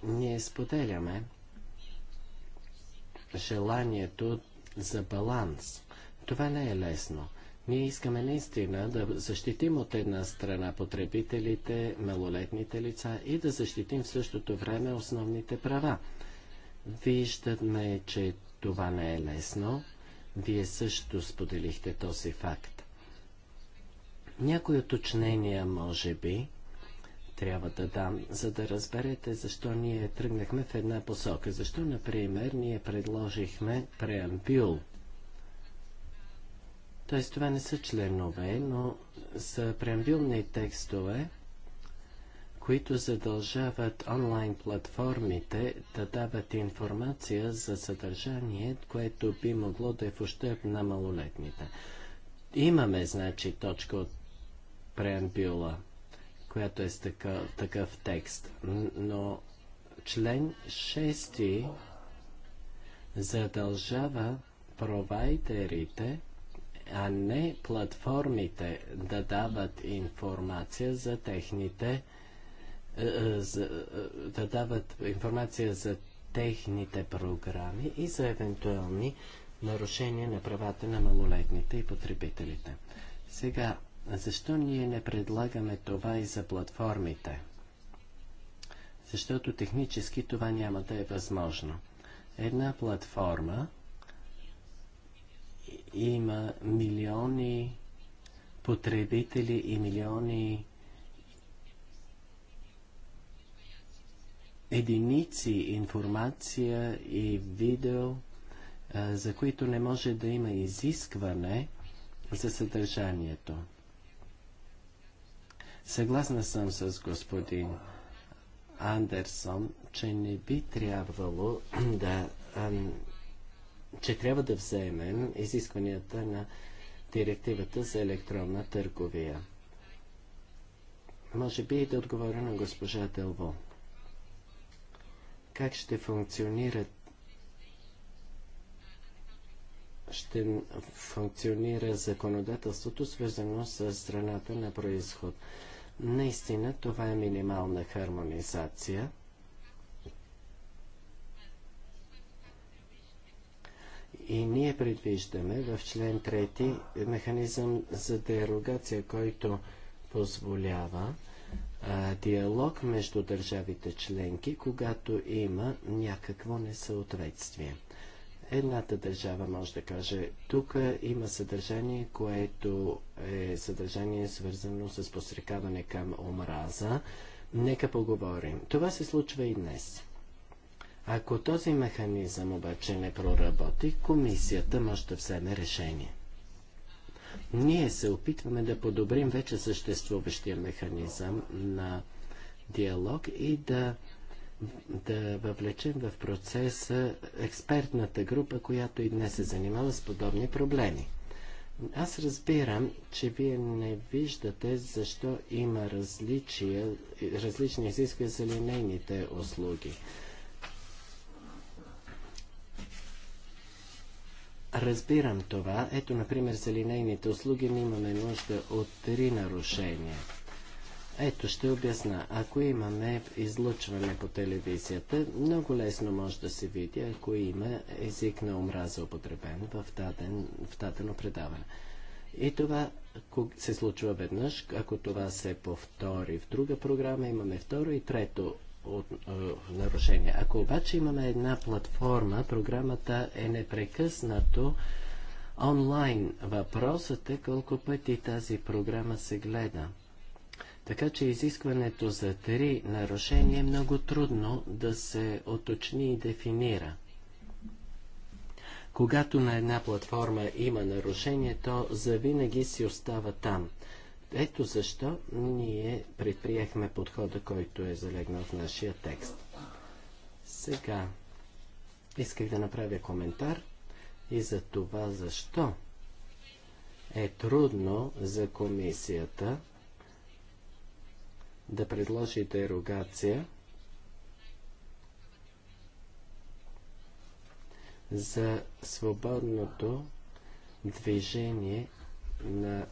Ние споделяме желанието за баланс. Това не е лесно. Ние искаме наистина да защитим от една страна потребителите, малолетните лица и да защитим в същото време основните права. Виждаме, че това не е лесно. Вие също споделихте този факт. Някои уточнения, може би, трябва да дам, за да разберете защо ние тръгнахме в една посока. Защо, например, ние предложихме преамбюл. Т.е. това не са членове, но са преамбюлни текстове, които задължават онлайн платформите да дават информация за съдържание, което би могло да е в ущърп на малолетните. Имаме, значи, точка от преамбюла, която е с такъв, такъв текст. Но член 6 задължава провайдерите, а не платформите да дават информация за техните е, е, е, да дават информация за техните програми и за евентуални нарушения на правата на малолетните и потребителите. Сега защо ние не предлагаме това и за платформите? Защото технически това няма да е възможно. Една платформа има милиони потребители и милиони единици информация и видео, за които не може да има изискване за съдържанието. Съгласна съм с господин Андерсон, че не би трябвало да. че трябва да вземем изискванията на директивата за електронна търговия. Може би и да отговоря на госпожа Дълво. Как ще функционират ще функционира законодателството, свързано с страната на происход. Наистина, това е минимална хармонизация. И ние предвиждаме в член 3 механизъм за дерогация, който позволява а, диалог между държавите членки, когато има някакво несъответствие. Едната държава може да каже, тук има съдържание, което е съдържание свързано с посрекаване към омраза. Нека поговорим. Това се случва и днес. Ако този механизъм обаче не проработи, комисията може да вземе решение. Ние се опитваме да подобрим вече съществуващия механизъм на диалог и да да въвлечем в процеса експертната група, която и днес се занимава с подобни проблеми. Аз разбирам, че вие не виждате защо има различия, различни изисквания за линейните услуги. Разбирам това. Ето, например, за линейните услуги ние имаме нужда от три нарушения – ето, ще обясна. Ако имаме излъчване по телевизията, много лесно може да се види, ако има език на омраза употребен в, даден, в дадено предаване. И това се случва веднъж, ако това се повтори в друга програма, имаме второ и трето от, е, нарушение. Ако обаче имаме една платформа, програмата е непрекъснато онлайн. Въпросът е колко пъти тази програма се гледа. Така че изискването за три нарушения е много трудно да се оточни и дефинира. Когато на една платформа има нарушение, то завинаги си остава там. Ето защо ние предприехме подхода, който е залегнал в нашия текст. Сега исках да направя коментар и за това защо е трудно за комисията да предложи дерогация за свободното движение на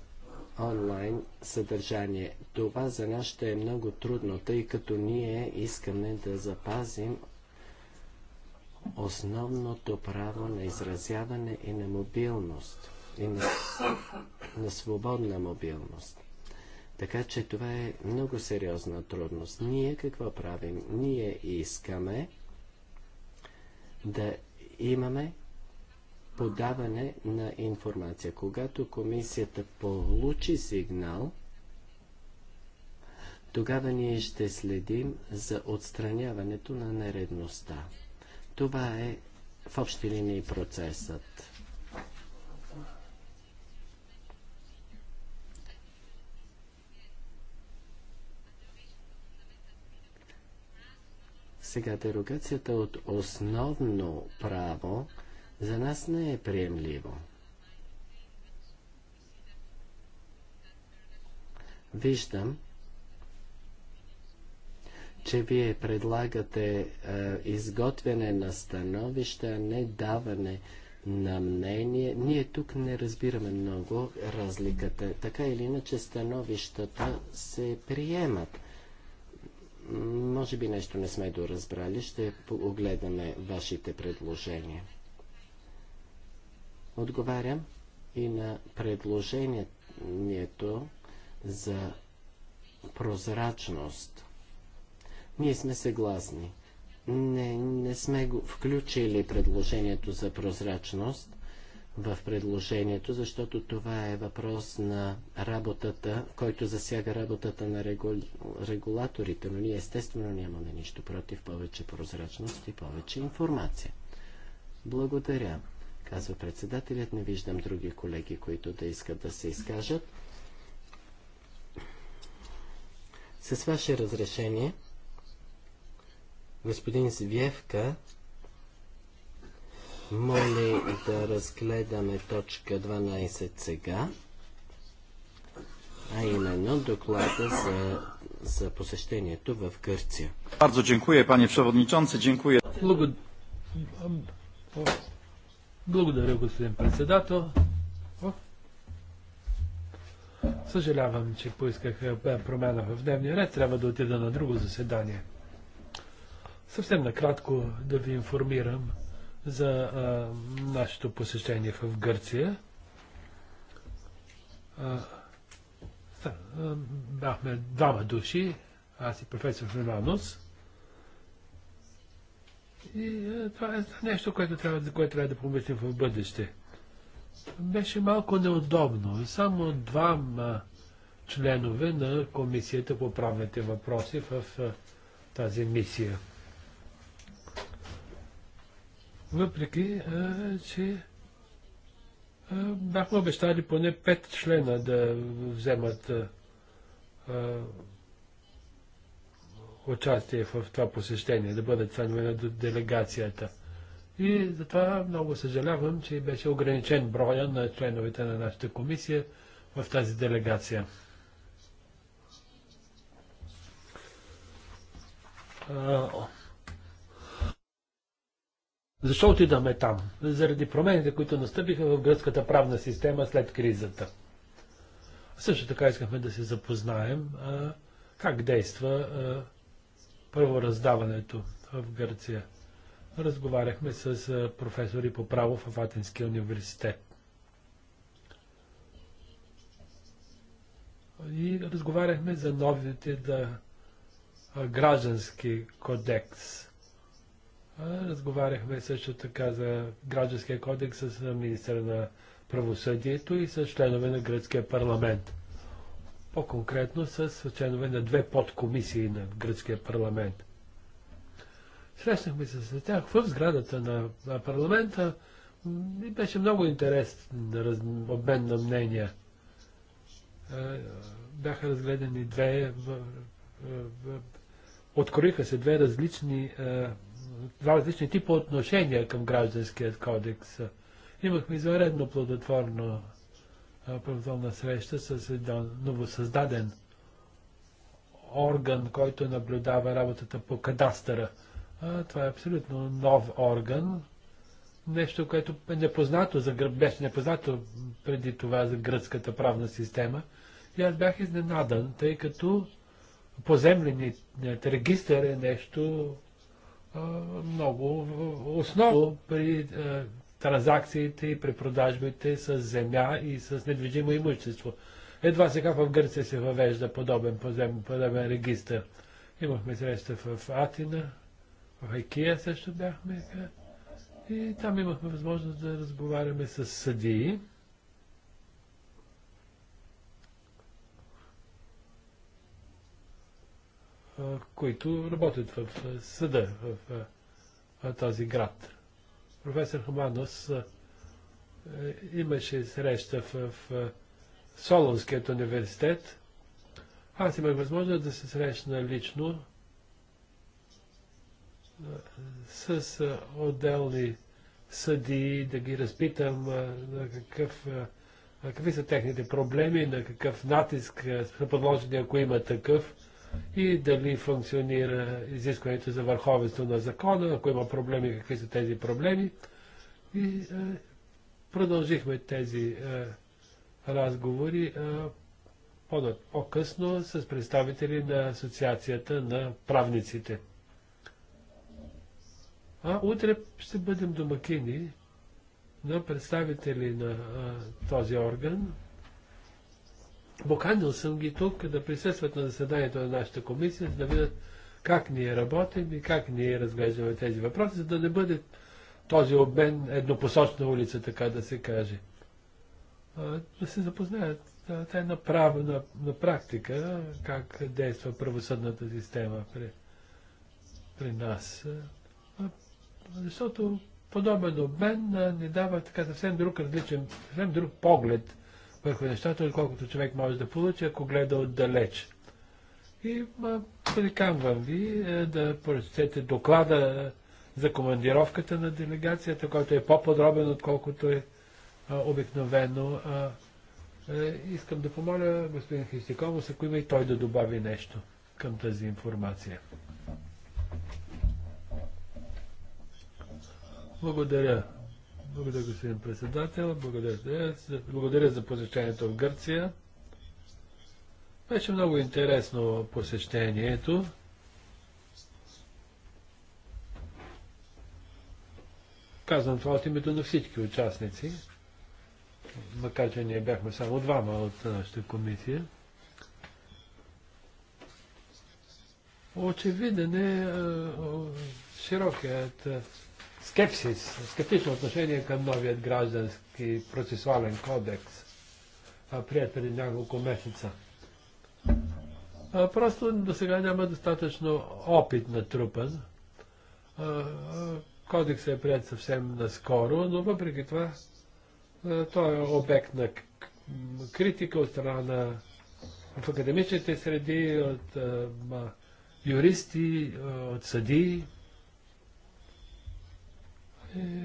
онлайн съдържание. Това за нас ще е много трудно, тъй като ние искаме да запазим основното право на изразяване и на мобилност, и на, на свободна мобилност. Така че това е много сериозна трудност. Ние какво правим? Ние искаме да имаме подаване на информация. Когато комисията получи сигнал, тогава ние ще следим за отстраняването на нередността. Това е в общи линии процесът. Сега дерогацията от основно право за нас не е приемливо. Виждам, че вие предлагате е, изготвяне на становища, а не даване на мнение. Ние тук не разбираме много разликата. Така или иначе становищата се приемат. Може би нещо не сме доразбрали. Ще огледаме вашите предложения. Отговарям и на предложението за прозрачност. Ние сме съгласни. Не, не сме включили предложението за прозрачност, в предложението, защото това е въпрос на работата, който засяга работата на регулаторите, но ние естествено нямаме нищо против повече прозрачност и повече информация. Благодаря, казва председателят. Не виждам други колеги, които да искат да се изкажат. С ваше разрешение, господин Звиевка моли да разгледаме точка 12 сега, а именно доклада за, за посещението в Гърция. Bardzo dziękuję, пане przewodniczący, dziękuję. Благодаря, господин председател. Съжалявам, че поисках промяна в дневния ред. Трябва да отида на друго заседание. Съвсем накратко да ви информирам за а, нашето посещение в Гърция. А, бяхме двама души, аз и професор Ферманус. И а, това е нещо, което трябва, за което трябва да помислим в бъдеще. Беше малко неудобно. Само двама членове на Комисията по правните въпроси в а, тази мисия въпреки че бяхме обещали поне пет члена да вземат участие в това посещение, да бъдат членове на делегацията. И затова много съжалявам, че беше ограничен броя на членовете на нашата комисия в тази делегация. А, защо отидаме там? Заради промените, които настъпиха в гръцката правна система след кризата. Също така искахме да се запознаем а, как действа а, първораздаването в Гърция. Разговаряхме с а, професори по право в Атинския университет. И разговаряхме за новите да, а, граждански кодекс Разговаряхме също така за гражданския кодекс с министра на правосъдието и с членове на гръцкия парламент. По-конкретно с членове на две подкомисии на гръцкия парламент. Срещнахме се с тях в сградата на парламента и беше много интересен обмен на мнения. Бяха разгледани две, откориха се две различни два различни типа отношения към гражданският кодекс. Имахме извънредно плодотворно правителна среща с един новосъздаден орган, който наблюдава работата по кадастъра. А, това е абсолютно нов орган, нещо, което е непознато за, беше непознато преди това за гръцката правна система. И аз бях изненадан, тъй като поземленият регистър е нещо много основно при транзакциите и при продажбите с земя и с недвижимо имущество. Едва сега в Гърция се въвежда подобен подобен, подобен регистр. Имахме среща в Атина, в Айкия също бяхме. И там имахме възможност да разговаряме с съдии. които работят в съда в този град. Професор Хаманос е, имаше среща в Солонският университет. Аз имах възможност да се срещна лично с отделни съди, да ги разпитам на какъв, какви са техните проблеми, на какъв натиск са подложени, ако има такъв и дали функционира изискването за върховенство на закона, ако има проблеми, какви са тези проблеми. И е, продължихме тези е, разговори е, по-късно с представители на Асоциацията на правниците. А утре ще бъдем домакини на представители на а, е, този орган, Поканил съм ги тук да присъстват на заседанието на нашата комисия, за да видят как ние работим и как ние разглеждаме тези въпроси, за да не бъде този обмен еднопосочна улица, така да се каже. да се запознаят Това е на, право, на, на практика как действа правосъдната система при, при нас. защото подобен обмен ни дава така съвсем друг различен, съвсем друг поглед върху нещата, отколкото човек може да получи, ако гледа отдалеч. И приканвам ви е, да прочетете доклада за командировката на делегацията, който е по-подробен, отколкото е а, обикновено. А, е, искам да помоля господин Христикомос, ако има и той да добави нещо към тази информация. Благодаря. Благодаря, господин председател. Благодаря, за посещението в Гърция. Беше много интересно посещението. Казвам това от името на всички участници, макар че ние бяхме само двама от нашата комисия. Очевиден е, е широкият скепсис, скептично отношение към новият граждански процесуален кодекс, прият преди няколко месеца. просто до сега няма достатъчно опит на трупа. Кодексът е прият съвсем наскоро, но въпреки това той е обект на критика от страна на в академичните среди, от юристи, от съдии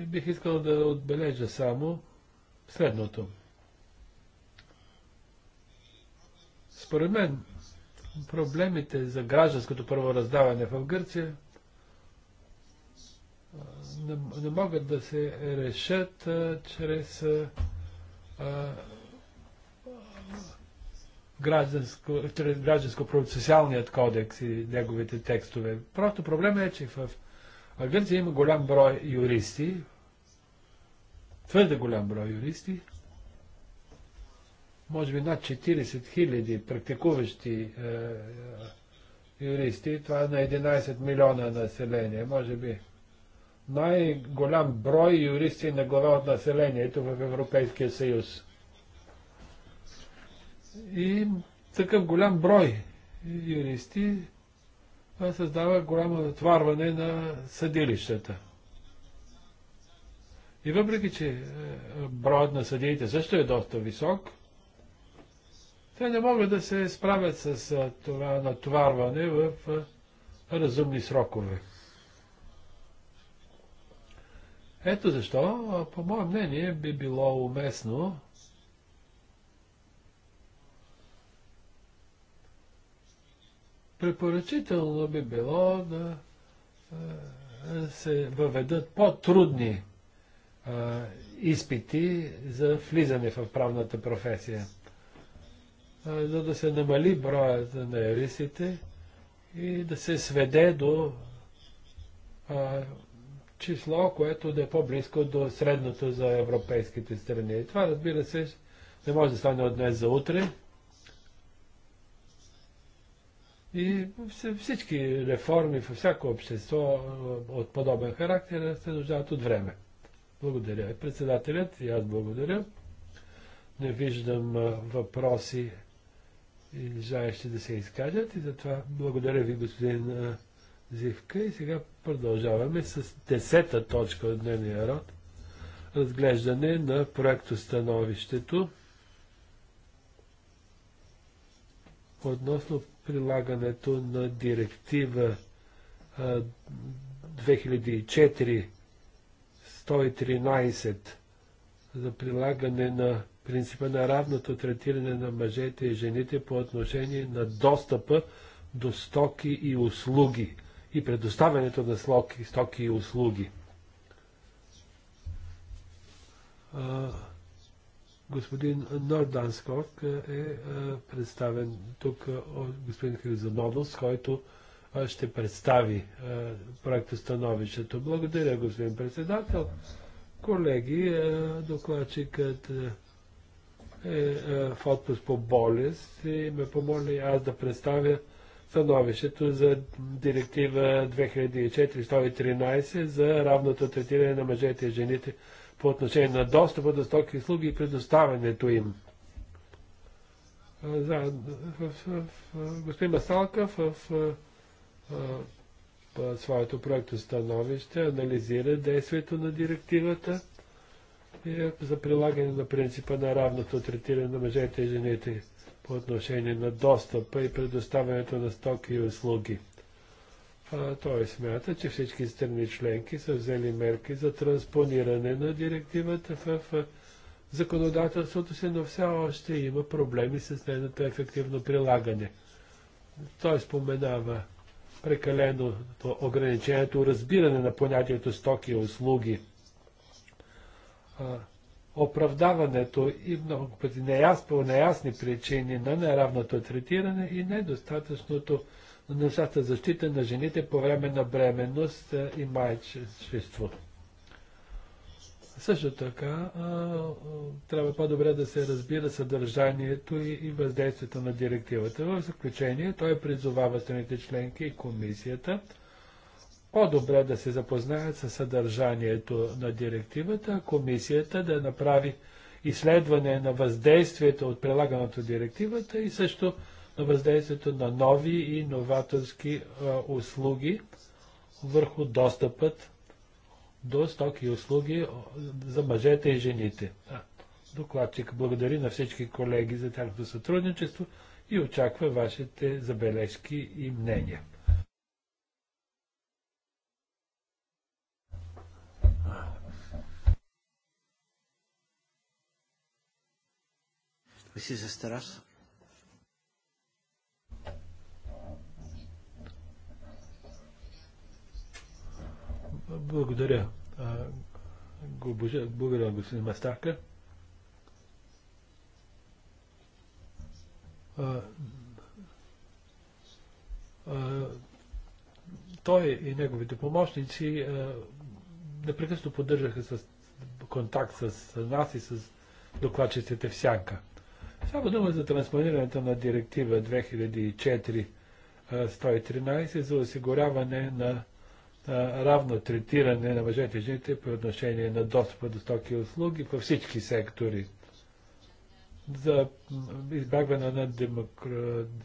бих искал да отбележа само следното. Според мен, проблемите за гражданското правораздаване в Гърция не, не могат да се решат а, чрез а, а, гражданско, чрез гражданско-процесуалният кодекс и неговите текстове. Просто проблемът е, че в а Гърция има голям брой юристи, твърде голям брой юристи, може би над 40 хиляди практикуващи е, е, юристи, това е на 11 милиона население, може би най-голям брой юристи на глава от населението в Европейския съюз. И такъв голям брой юристи създава голямо натварване на съдилищата. И въпреки, че е, броят на съдиите също е доста висок, те не могат да се справят с е, това натварване в е, разумни срокове. Ето защо, по мое мнение, би било уместно Препоръчително би било да е, се въведат по-трудни е, изпити за влизане в правната професия, е, за да се намали броят на юристите и да се сведе до число, което да е по-близко до средното за европейските страни. И това, разбира се, не може да стане от днес за утре. И всички реформи във всяко общество от подобен характер се нуждаят от време. Благодаря. Председателят и аз благодаря. Не виждам въпроси и желаящи да се изкажат и затова благодаря ви, господин Зивка. И сега продължаваме с десета точка от дневния род. Разглеждане на проектостановището относно прилагането на директива 2004-113 за прилагане на принципа на равното третиране на мъжете и жените по отношение на достъпа до стоки и услуги и предоставянето на стоки, стоки и услуги. Господин Норданскок е, е представен тук от господин Хризамонос, който ще представи становището. Благодаря, господин председател. Колеги, е, докладчикът е, е в отпуск по болест и ме помоли аз да представя становището за директива 2413 за равното третиране на мъжете и жените по отношение на достъпа до стоки и услуги и предоставянето им. За, в, в, в, господин Масалка в, в, в своето проекто становище анализира действието на директивата е за прилагане на принципа на равното третиране на мъжете и жените по отношение на достъпа и предоставянето на стоки и услуги той смята, че всички страни членки са взели мерки за транспониране на директивата в, законодателството си, но все още има проблеми с нейното ефективно прилагане. Той споменава прекалено ограничението, разбиране на понятието стоки и услуги оправдаването и много пъти неясно, неясни причини на неравното третиране и недостатъчното нещата защита на жените по време на бременност и майчество. Също така трябва по-добре да се разбира съдържанието и въздействието на директивата. В заключение той призовава страните членки и комисията по-добре да се запознаят с съдържанието на директивата, комисията да направи изследване на въздействието от прилагането директивата и също на въздействието на нови и новаторски е, услуги върху достъпът до стоки и услуги е, за мъжете и жените. докладчик благодари на всички колеги за тяхното сътрудничество и очаква вашите забележки и мнения. Благодаря. Благодаря, господин Мастака. той и неговите помощници а, непрекъснато поддържаха с контакт с нас и с докладчиците в сянка. Става дума за транспонирането на директива 2004-113 за осигуряване на равно третиране на мъжете и жените по отношение на достъпа до стоки и услуги във всички сектори. За избягване на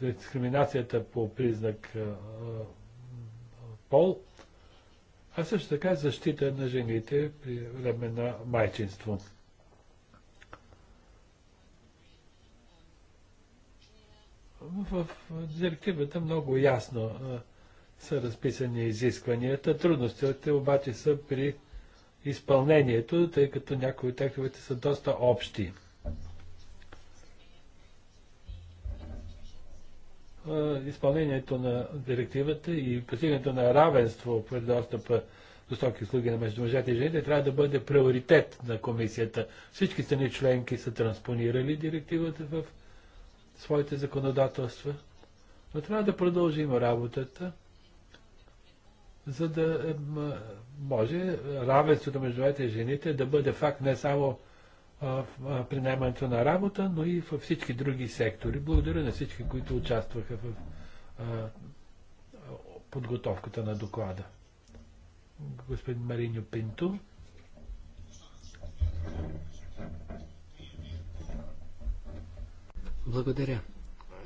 дискриминацията по признак пол, а също така защита на жените при време на майчинство. в директивата много ясно са разписани изискванията. Трудностите обаче са при изпълнението, тъй като някои от текстовете са доста общи. Изпълнението на директивата и постигането на равенство при достъпа до стоки услуги на между мъжете и жените трябва да бъде приоритет на комисията. Всички страни членки са транспонирали директивата в своите законодателства, но трябва да продължим работата, за да може равенството между двете жените да бъде факт не само в наймането на работа, но и във всички други сектори. Благодаря на всички, които участваха в подготовката на доклада. Господин Мариньо Пинто. Благодаря.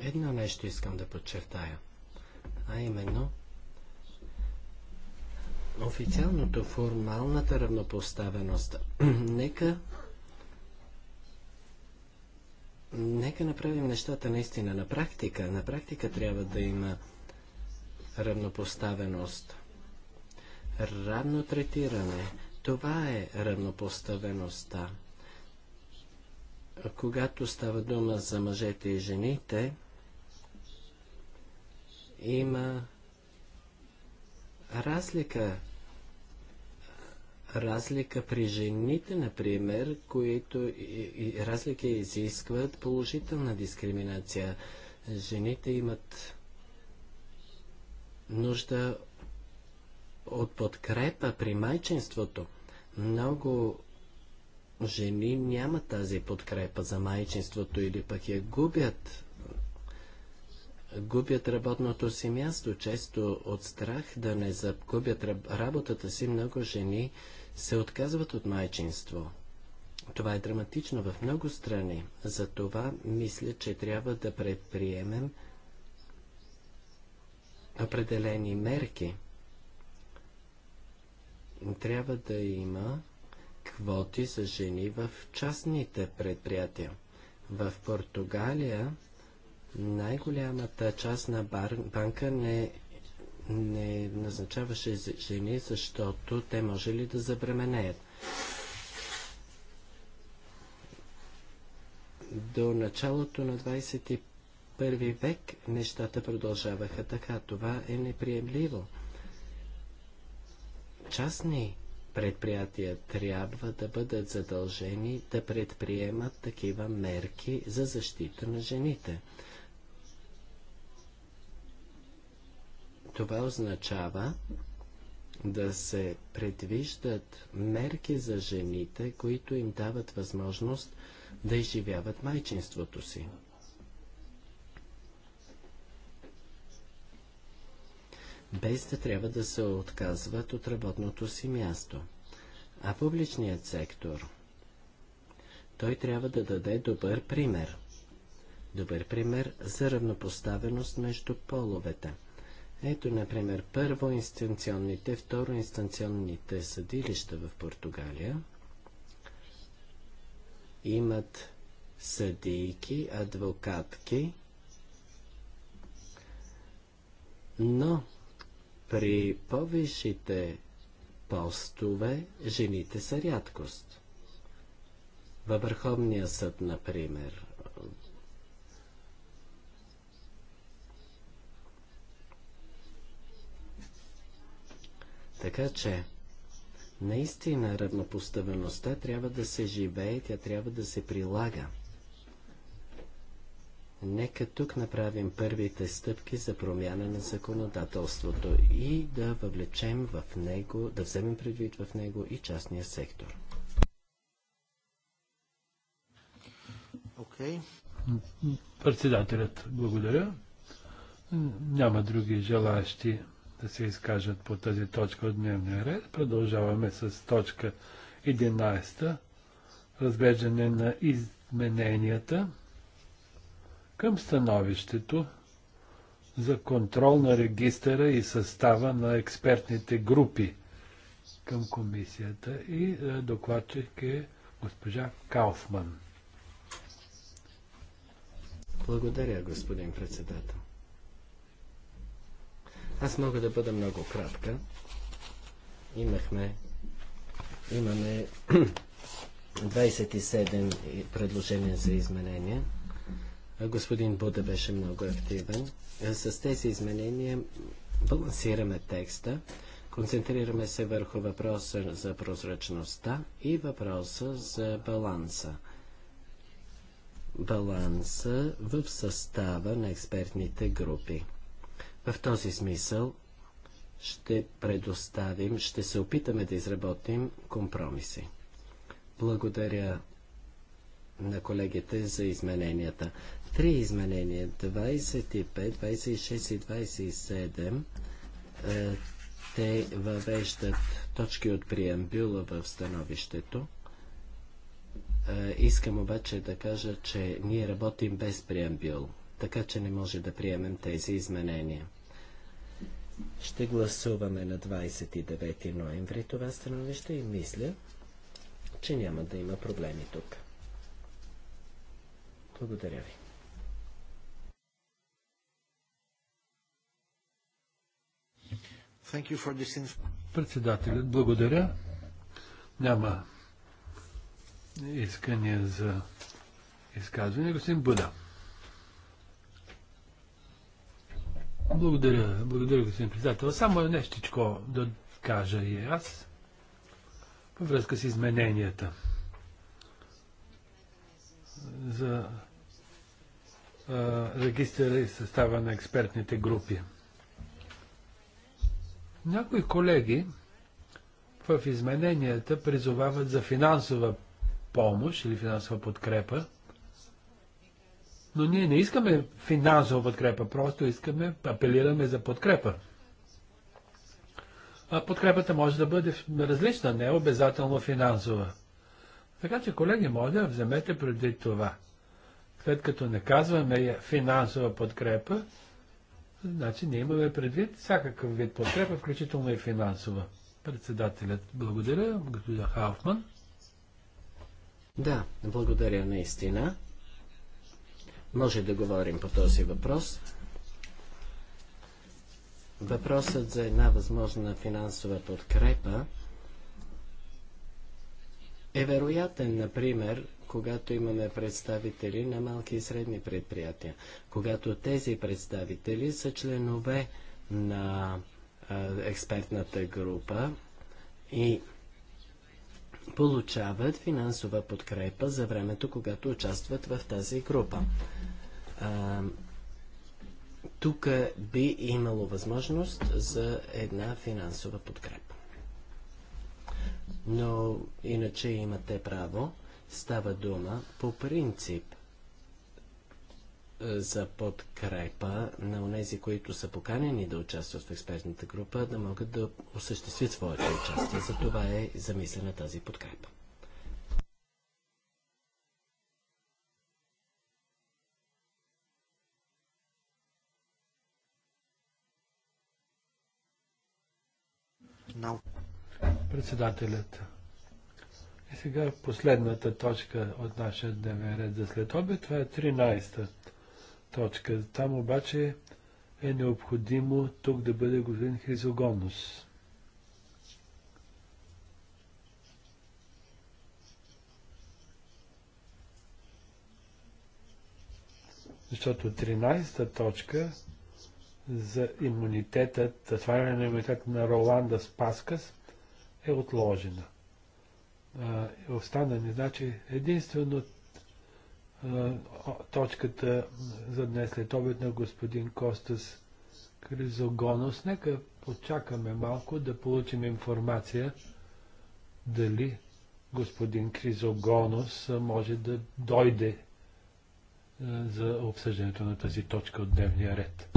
Едно нещо искам да подчертая, а именно официалното, формалната равнопоставеност. нека нека направим нещата наистина на практика. На практика трябва да има равнопоставеност. Равно третиране. Това е равнопоставеността. Когато става дума за мъжете и жените, има разлика. Разлика при жените, например, които и, и, разлики изискват положителна дискриминация. Жените имат нужда от подкрепа при майчинството. Много жени няма тази подкрепа за майчинството или пък я губят. Губят работното си място. Често от страх да не загубят работата си, много жени се отказват от майчинство. Това е драматично в много страни. Затова мисля, че трябва да предприемем определени мерки. Трябва да има квоти за жени в частните предприятия. В Португалия най-голямата частна банка не, не назначаваше жени, защото те може ли да забременеят. До началото на 21 век нещата продължаваха така. Това е неприемливо. Частни предприятия трябва да бъдат задължени да предприемат такива мерки за защита на жените. Това означава да се предвиждат мерки за жените, които им дават възможност да изживяват майчинството си. без да трябва да се отказват от работното си място. А публичният сектор, той трябва да даде добър пример. Добър пример за равнопоставеност между половете. Ето, например, първоинстанционните, второинстанционните съдилища в Португалия имат съдийки, адвокатки, но при повишите постове жените са рядкост. Във Върховния съд, например, Така че, наистина равнопоставеността трябва да се живее, тя трябва да се прилага. Нека тук направим първите стъпки за промяна на законодателството и да въвлечем в него, да вземем предвид в него и частния сектор. Okay. Председателят, благодаря. Няма други желащи да се изкажат по тази точка от дневния ред. Продължаваме с точка 11. Разглеждане на измененията към становището за контрол на регистъра и състава на експертните групи към комисията и е, докладчик е госпожа Кауфман. Благодаря, господин председател. Аз мога да бъда много кратка. Имахме, имаме 27 предложения за изменения. Господин Буда беше много активен. Е, с тези изменения балансираме текста, концентрираме се върху въпроса за прозрачността и въпроса за баланса. Баланса в състава на експертните групи. В този смисъл ще предоставим, ще се опитаме да изработим компромиси. Благодаря на колегите за измененията. Три изменения 25, 26 и 27 е, те въвеждат точки от преамбюла в становището. Е, искам обаче да кажа, че ние работим без преамбюл, така че не може да приемем тези изменения. Ще гласуваме на 29 ноември това становище и мисля, че няма да има проблеми тук. Благодаря ви. Председателят, благодаря. Няма искания за изказване. Господин Буда. Благодаря, благодаря, господин председател. Само нещичко да кажа и аз във връзка с измененията за а, регистъра и състава на експертните групи. Някои колеги в измененията призовават за финансова помощ или финансова подкрепа, но ние не искаме финансова подкрепа, просто искаме, апелираме за подкрепа. А подкрепата може да бъде различна, не е обязателно финансова. Така че, колеги, може да вземете преди това. След като не казваме финансова подкрепа, Значи ние имаме предвид всякакъв вид подкрепа, включително и финансова. Председателят, благодаря, господин Хауфман. Да, благодаря наистина. Може да говорим по този въпрос. Въпросът за една възможна финансова подкрепа е вероятен, например, когато имаме представители на малки и средни предприятия, когато тези представители са членове на а, експертната група и получават финансова подкрепа за времето, когато участват в тази група. А, тук би имало възможност за една финансова подкрепа. Но иначе имате право. Става дума по принцип е, за подкрепа на онези, които са поканени да участват в експертната група, да могат да осъществят своето участие. За това е замислена тази подкрепа. Председателят и е, сега последната точка от нашия дневен ред за след обед, това е 13-та точка. Там обаче е необходимо тук да бъде господин Хризогонус. Защото 13-та точка за имунитетът, затваряне на имунитет на Роланда Спаскас е отложена останали. Значи единствено точката за днес след обед на господин Костас Кризогонос. Нека почакаме малко да получим информация дали господин Кризогонос може да дойде за обсъждането на тази точка от дневния ред.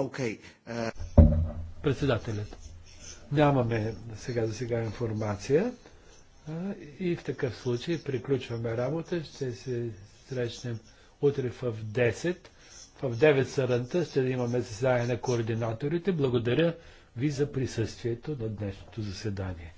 Uh, Председателят. Нямаме сега за сега информация и в такъв случай приключваме работа. Ще се срещнем утре в 10. В 9 сърънта, ще имаме заседание на координаторите. Благодаря ви за присъствието на днешното заседание.